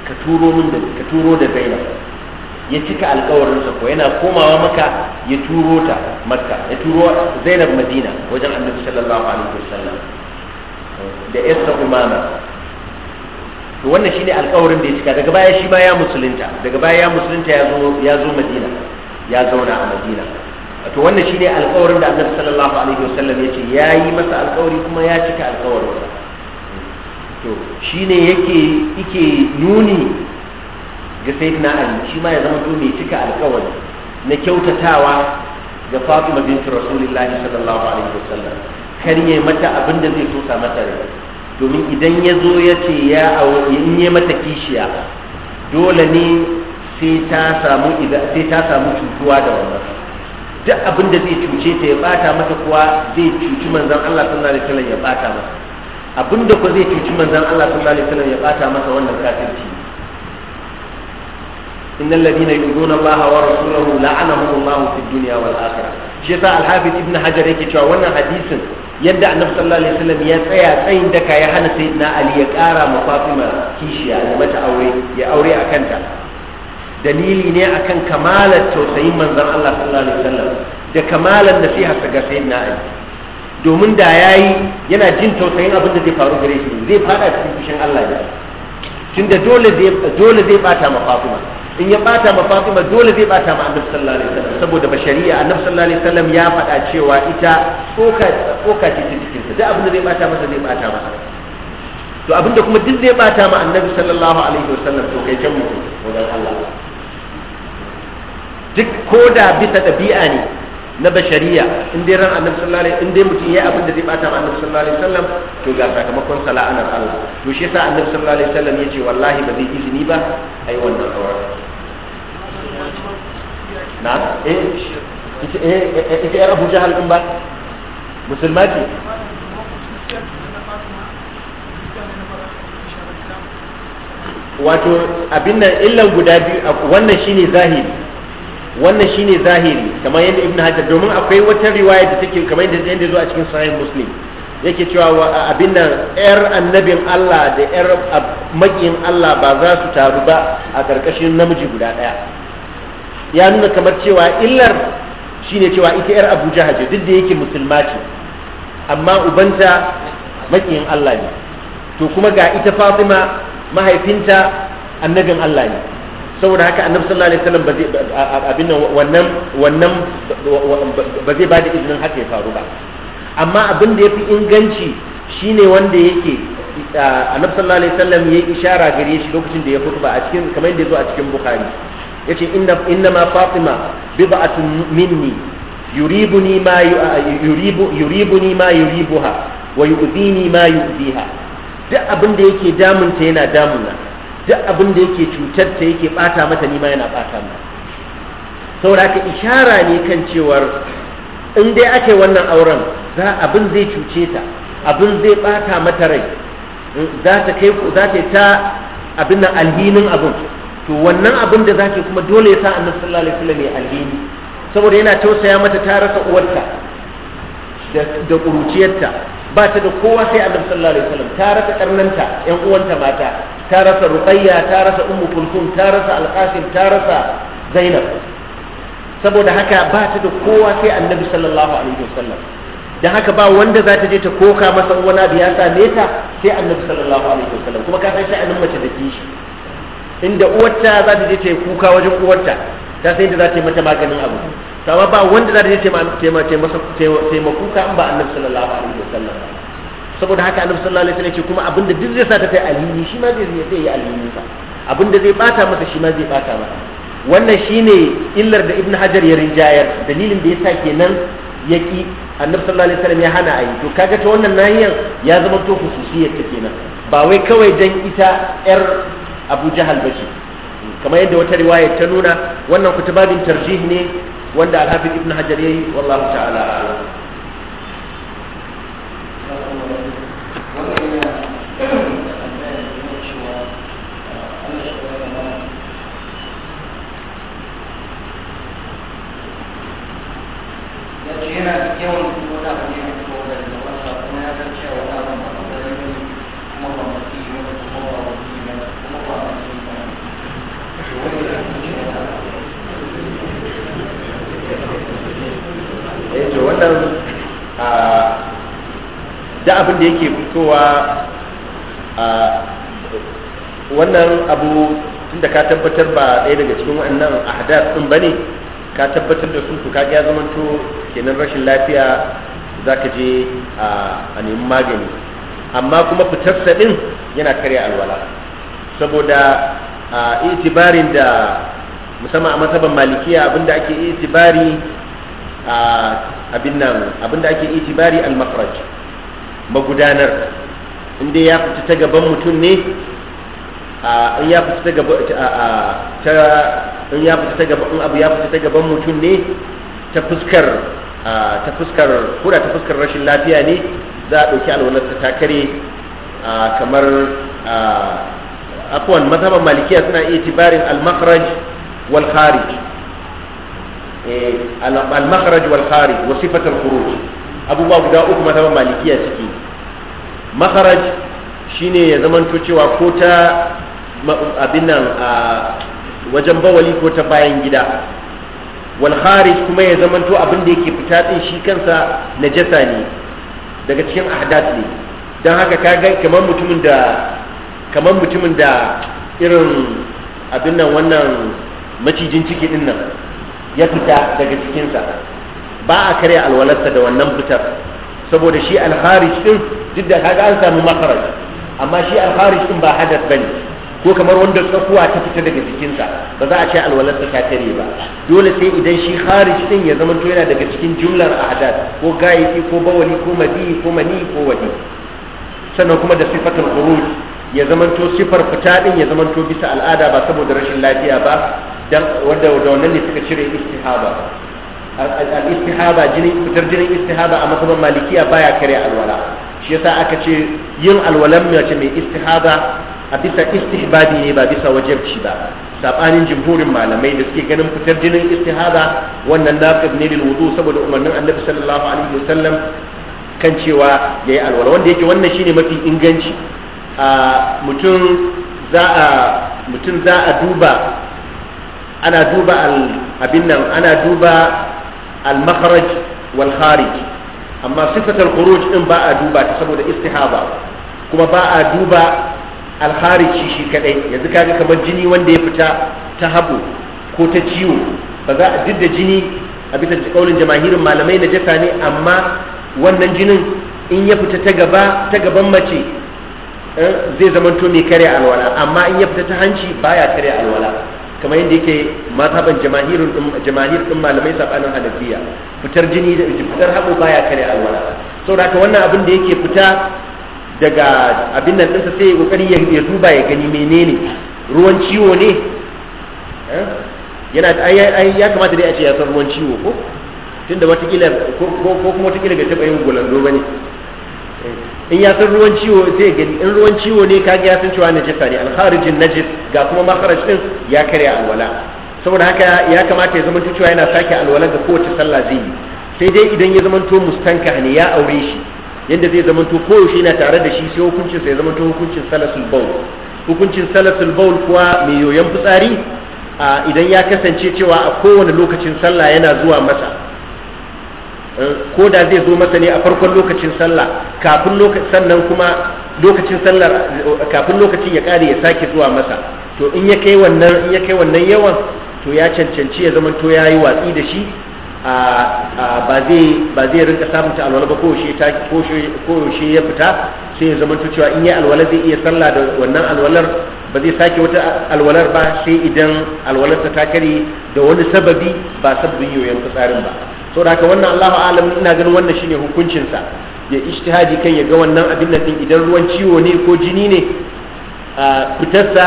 ka turo min da ka turo da zainab ya cika alkawarinsa ko yana komawa maka ya turo ta makka ya turo zainab madina wajen annabi sallallahu alaihi wasallam da yasa umama to wannan shine alkawarin da ya cika daga baya shi ba ya musulunta daga baya ya musulunta ya zo ya zo madina ya zauna a madina to wannan shine alƙawarin da Annabi sallallahu alaihi wasallam ya ce ya yi masa alƙawari kuma ya cika alƙawarin to shine yake yake nuni ga sayyidina Ali shi ma ya zama to mai cika alƙawari na kyautatawa ga Fatima bint Rasulullahi sallallahu alaihi wasallam kar ya mata abin da zai tosa mata rai domin idan ya zo ya ce ya in ya mata kishiya dole ne sai ta samu cutuwa da wannan duk abin da zai cuce ta ya bata mata kuwa zai cuci manzon Allah sallallahu alaihi wasallam ya bata mata abin da ko zai cuci manzon Allah sallallahu alaihi wasallam ya bata masa wannan kafirci innal ladina yu'minuna Allah wa rasulahu la'anahum Allah fid dunya wal akhirah shi yasa al-hafiz ibn hajar yake cewa wannan hadisin yadda annabi sallallahu alaihi wasallam ya tsaya tsayin daka ya hana sayyidina ali ya kara ma fatima kishiya da mata aure ya aure a kanta dalili ne akan kamalar tausayin manzon Allah sallallahu alaihi wasallam da kamalar nasiha ga sayyidina Ali domin da yayi yana jin tausayin abin da zai faru gare shi zai fada cikin kishin Allah ne tunda dole zai dole zai bata ma Fatima in ya bata ma Fatima dole zai bata ma Annabi sallallahu alaihi wasallam saboda bashariya Annabi sallallahu alaihi wasallam ya faɗa cewa ita tsoka tsoka ce ta cikin sa duk abin da zai bata masa zai bata masa to abin da kuma duk zai bata ma Annabi sallallahu alaihi wasallam to kai can mu wajen Allah duk ko da bisa ɗabi'a ne na bashariya in dai ran annabi sallallahu alaihi in dai mutum yayi abin da zai bata annabi sallallahu alaihi wasallam to ga sakamakon sala'anar Allah to shi yasa annabi sallallahu alaihi wasallam yace wallahi ba zai izini ba ai wannan aure. na eh ita eh, eh, eh ita Abu Jahal din ba musulma ce wato abin nan illan guda biyu wannan shine zahiri wannan shine zahiri kamar yadda ibnu hajar domin akwai wata riwaya da take kamar yadda yadda zo a cikin sahih muslim yake cewa abin nan yar annabin Allah da yar makiyin Allah ba za su taru ba a karkashin namiji guda daya ya nuna kamar cewa illar shine cewa ita yar Abu Jahaj duk da yake musulma ce amma ubanta makiyin Allah ne to kuma ga ita Fatima mahaifinta annabin Allah ne saboda haka annabi sallallahu alaihi wasallam ba zai abin nan wannan wannan ba zai bada izinin haka ya faru ba amma abin da yafi inganci shine wanda yake annabi sallallahu alaihi wasallam yayi ishara gare shi lokacin da ya kutuba a cikin kamar yadda yazo a cikin bukhari yace inna inna ma fatima bid'atun minni yuribuni ma yuribu yuribuni ma yuribuha wa yu'dini ma yu'diha duk abin da yake damunta yana damuna duk abin da yake cutar ta yake bata mata nima yana bata mu saboda ka ishara ne kan cewar in dai ake wannan auren za abin zai cuce ta abin zai bata mata rai mm, za ta kai za ta ta abin nan alhinin abin to wannan abin da zake kuma dole ya sa annabi sallallahu alaihi wasallam ya alhini saboda yana tausaya mata ta rasa uwarta da ƙuruciyarta ba ta da kowa sai annabi sallallahu alaihi wasallam ta rasa karnanta yan uwanta mata ta rasa ruqayya ta rasa ummu kulsum ta rasa alqasim ta rasa zainab saboda haka ba ta da kowa sai annabi sallallahu alaihi wasallam dan haka ba wanda za ta je ta koka masa wani abu ya same ta sai annabi sallallahu alaihi wasallam kuma ka san sha'anin mace da kishi inda uwarta za ta je ta kuka wajen uwarta ta sai da za ta yi mata maganin abu sama ba wanda za ta taimako ka in ba annabi sallallahu alaihi wasallam saboda haka annabi sallallahu alaihi wasallam ce kuma abinda duk zai sa ta kai alhini shi ma zai zai yi alhini sa abinda zai bata masa shi ma zai bata masa wannan shine illar da ibnu hajar ya rinjayar dalilin da yasa kenan yaki annabi sallallahu alaihi wasallam ya hana ayi to kaga ta wannan nahiyar ya zama to khususiyar ta kenan ba wai kawai dan ita yar abu jahal bace kamar yadda wata riwaya ta nuna wannan kutubabin tarjih ne wanda alhafiz ibn hajar yayi wallahu ta'ala a'lam yana yawan wani abu ne da yake fitowa a wannan abu tunda ka tabbatar ba ɗaya daga cikin wannan ahadar ɗin ba ne ka tabbatar da su to ka ya zamanto kenan rashin lafiya za ka je a neman magani amma kuma fitarsa ɗin yana karya alwala saboda a itibarin da musamman a matsaban malikiya abinda ake itibari a abin nan abinda ake itibari al-makhraj magudanar inda ya fita ta gaban mutum ne in ya fita ta gaban mutum ne ta fuskar ta fuskar koda ta fuskar rashin lafiya ne za a ɗauki alwalarsa ta kare kamar akwai mazhaban malikiya suna iya tibarin al-makhraj wal kharij eh, al-makhraj wal kharij wa sifatul khuruj abubuwa guda uku mazhaban malikiya suke makaraj shine ya zamanto cewa ko ta abin nan a wajen bawali ko ta bayan gida wal kharij kuma ya zamanto abin da yake fita din shi kansa najasa ne daga cikin ahdath ne dan haka kaga kamar mutumin da kamar mutumin da irin abin nan wannan macijin ciki din nan ya fita daga cikinsa ba a karya alwalarsa da wannan fitar saboda shi alharij din duk da kaga an samu makaraj amma shi alharij din ba hadas bane ko kamar wanda tsakuwa ta fita daga jikinsa ba za a ce alwalarsa ta tare ba dole sai idan shi kharij din ya zama to yana daga cikin jumlar ahadat ko gayi ko bawali ko madi ko mani ko wadi sannan kuma da sifatul khuruj ya zamanto sifar fita din ya zamanto bisa al'ada ba saboda rashin lafiya ba dan wanda da wannan ne suka cire istihaba al-istihaba jini fitar jinin istihaba a matsaban malikiya baya kare alwala shi yasa aka ce yin alwalan mace mai istihaba a bisa istihbabi ne ba bisa wajabci ba sabanin jumhurin malamai da suke ganin fitar jinin istihaba wannan naqib ne lil wudu saboda umarnin annabi sallallahu alaihi wasallam kan cewa yayi alwala wanda yake wannan shine mafi inganci a mutum za a mutum za a duba ana duba al abin nan ana duba al-makharaj amma sifatar khuruj ɗin ba a duba ta saboda istihaba kuma ba a duba al-khariji shi kadai yanzu kaga kamar jini wanda ya fita ta habo ko ta ciwo ba za a didda jini a bisa kaulin jamahirin malamai na jaka ne amma wannan jinin in ya fita ta gaban mace eh, zai zamanto mai kare alwala amma in ya fita ta hanci baya karya alwala kamar yadda yake mazhaban jamahirun jamahir din malamai sabanin hanafiya fitar jini da fitar hako baya kare alwala saboda ka wannan abin da yake fita daga abin nan dinsa sai ya kokari ya duba ya gani menene ruwan ciwo ne eh? yana ya kamata dai a ce ya san ruwan ciwo ko tunda kila ko kuma watakila bai taɓa yin gulan ba ne in ya san ruwan ciwo zai gani in ruwan ciwo ne kaga ya san cewa jifa ne alkharijin najis ga kuma makharaj din ya karya alwala saboda haka ya kamata ya zamanto cewa yana sake alwala ga kowace sallah zai yi sai dai idan ya zamanto mustanka ne ya aure shi yadda zai zamanto koyaushe yana tare da shi sai hukuncin ya zamanto hukuncin salasul bawl hukuncin salasul bawl kuwa mai yoyon fitsari idan ya kasance cewa a kowane lokacin sallah yana zuwa masa ko da zai zo masa ne a farkon lokacin sallah kafin lokacin sannan kuma lokacin sallar kafin lokacin ya kare ya sake zuwa masa to in ya kai wannan in ya kai wannan yawan to ya cancanci ya zama to yayi watsi da shi a ba zai ba zai rinka samun ta alwala ba ko shi ta ko shi ko shi ya fita sai ya zama to cewa in ya alwala zai iya sallah da wannan alwalar ba zai sake wata alwalar ba sai idan alwalarsa ta kare da wani sababi ba sabbin yoyon fitsarin ba so da wannan Allahu alam ina ganin wannan shine hukuncin sa ya ijtihadi kan ya ga wannan abin nan din idan ruwan ciwo ne ko jini ne a fitarsa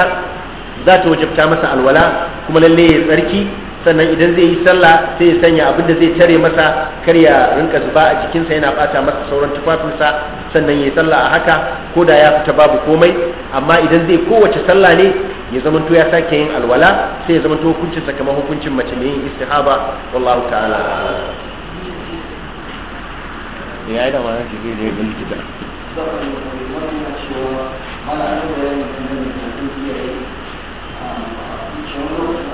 za ta wajabta masa alwala kuma lalle ya tsarki sannan idan zai yi sallah sai ya sanya abin da zai tare masa kar ya rinka zuba a sa yana bata masa sauran tufafinsa sannan ya yi sallah a haka ko da ya fita babu komai amma idan zai kowace sallah ne ya zamanto ya sake yin alwala sai ya zamanto hukuncinsa kamar hukuncin mace mai yin istihaba wallahu ta'ala ya yi da mana shi zai likita Thank you.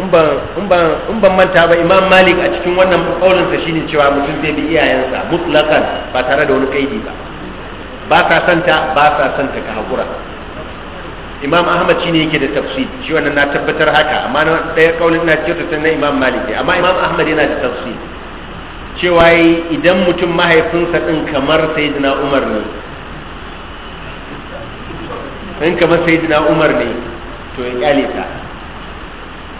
in ban manta ba imam malik a cikin wannan kaulinsa shine cewa mutum zai bi iyayensa mutlakan ba tare da wani kaidi ba ba ka santa ba ka santa ka hakura imam ahmad shine yake da tafsir shi wannan na tabbatar haka amma na ɗaya kaulin na kyautata na imam malik amma imam ahmad yana da tafsir cewa idan mutum mahaifinsa din kamar sayyidina umar ne in kamar sayyidina umar ne to ya kyale ta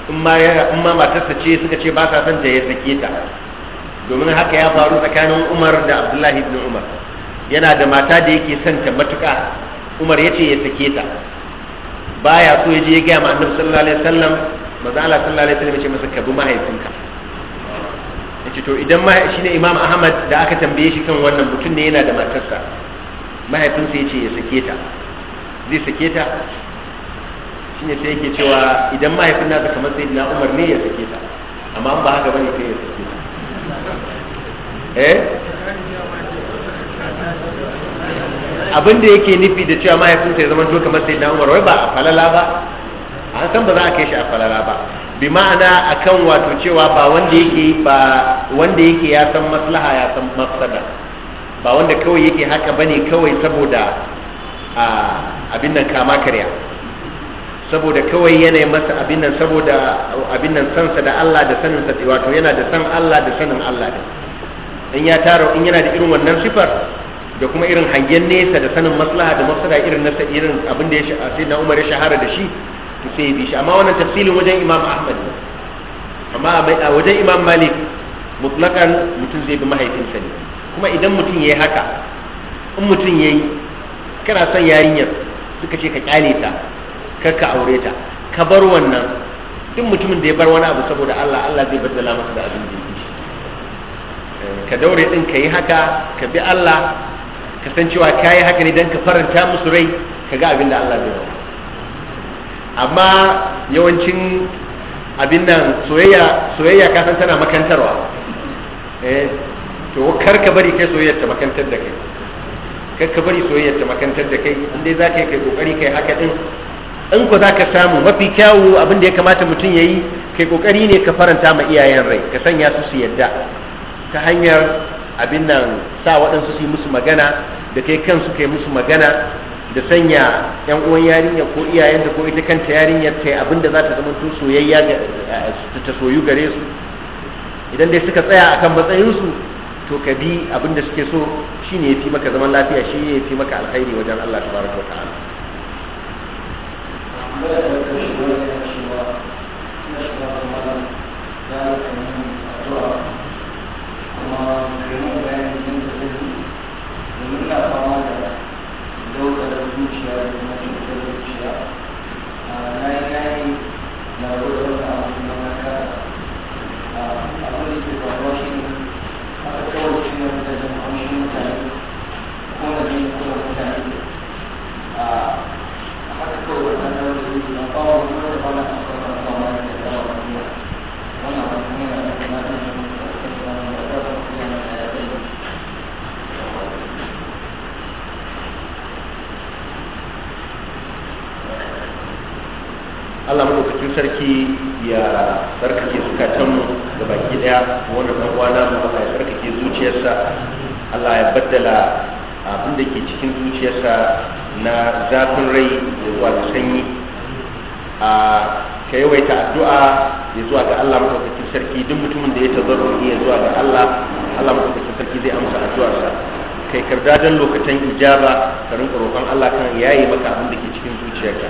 in ma in ma matarsa ce suka ce ba sa son ta ya sake ta domin haka ya faru tsakanin Umar da Abdullahi ibn Umar yana da mata da yake son ta matuƙa Umar ya ce ya sake ta baya so ya je ya gaya ma Annabi sallallahu alaihi wasallam maza Allah sallallahu alaihi wasallam ya ce masa ka bi mahaifinka yace to idan ma shine Imam Ahmad da aka tambaye shi kan wannan mutum ne yana da matarsa mahaifinsa ya ce ya sake ta zai sake ta shine sai yake cewa idan mahaifin nasa kamar sai na umar ne ya sake ta amma ba haka bane sai ya sake ta eh abin da yake nufi da cewa ta ya zama to kamar sai na umar wai ba a falala ba an san ba za a kai shi a falala ba bi ma'ana akan wato cewa ba wanda yake ba wanda yake ya san maslaha ya san mafsada ba wanda kawai yake haka bane kawai saboda ah, abin nan kama karya saboda kawai yanayin masa abin nan saboda abin nan sansa da Allah da sanin sa wato yana da san Allah da sanin Allah din in ya taro in yana da irin wannan sifar da kuma irin hangen nesa da sanin maslaha da maslaha irin na irin abin da ya sai na Umar ya shahara da shi to sai bi shi amma wannan tafsilin wajen Imam Ahmad amma a wajen Imam Malik mutlakan mutum zai bi mahaifinsa ne kuma idan mutum yayi haka in mutum yayi kana son yarinyar suka ce ka kyale ta karka aure ta ka bar wannan duk mutumin da ya bar wani abu saboda Allah Allah zai baddala masa da abin da eh, ka daure din ka yi haka ka bi Allah ka san cewa ka yi haka ne don ka faranta musu rai ka ga abin da Allah zai bada amma yawancin abin nan soyayya soyayya ka san tana makantarwa eh to kar ka bari kai soyayyar ta makantar da kai kar ka bari soyayyar ta makantar da kai in dai za ka yi kai kokari kai haka din in ko za ka samu mafi kyawu abin da ya kamata mutum ya yi kai kokari ne ka faranta ma iyayen rai ka sanya su su yadda ta hanyar abin nan sa waɗansu su yi musu magana da kai kansu kai musu magana da sanya yan uwan yarinya ko iyayen da ko ita kanta yarinya ta abin da za ta zama tun soyayya eh, ta soyu gare su idan dai suka tsaya akan matsayinsu to ka bi abin da suke so shine ya fi maka zaman lafiya shi ya fi maka alkhairi wajen Allah tabaraka wa ta'ala Thank you. zaton ijaba ka rinka roƙon Allah kan yayi maka abin da ke cikin zuciyarka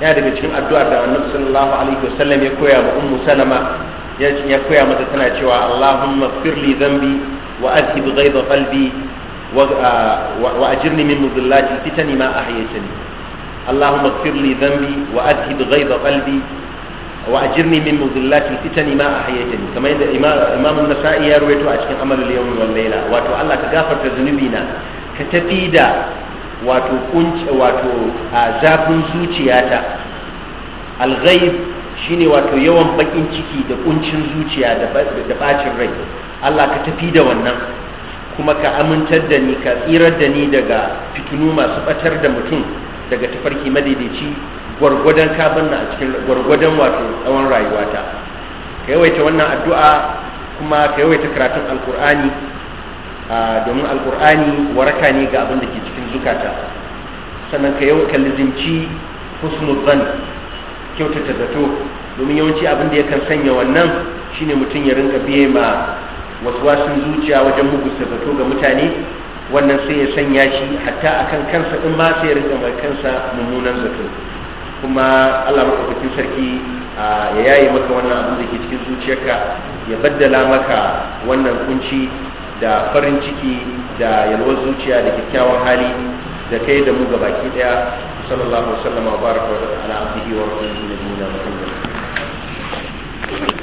yana daga cikin addu'ar da annabi sallallahu alaihi wasallam ya koya wa ummu salama ya koya mata tana cewa Allahumma firli dhanbi wa adhib ghaiba qalbi wa ajirni min mudillati fitani ma ahyaytani اللهم اغفر لي ذنبي وأذهب غيظ قلبي وأجرني kamar yadda الفتن ما أحييتني ya إذا a cikin يروي أشكن عمل layla wato Allah ka gafarta zunubina. ka tafi da wato wato a zafin zuciyata alghaib shine wato yawan bakin ciki da kuncin zuciya da bacin rai Allah ka tafi da wannan kuma ka amintar da ni ka tsirar da ni daga fitinu masu batar da mutum daga tafarki madaidaici gwargwadon kaban na a cikin gwargwadon wato tsawon rayuwata ka yawaita wannan addu'a kuma ka yawaita karatun alkur'ani domin alkur'ani waraka ne ga abin da ke cikin zukata sannan ka yau kallizimci husnul zan kyautata zato domin yawanci abin da yakan sanya wannan shine mutum ya rinka biye ma waswasin zuciya wajen mugusta zato ga mutane wannan sai ya sanya shi hatta akan kansa din ma sai ya rinka mai kansa mummunan zato kuma Allah madaukakin sarki ya yaye maka wannan abin da ke cikin zuciyarka ya baddala maka wannan kunci da farin ciki da yalwar zuciya da kyakkyawan hali da kai da mu gabaki daya sallallahu alaihi wa sallam wa baraka wa ta'ala abdihi wa rasulihi nabiyina muhammad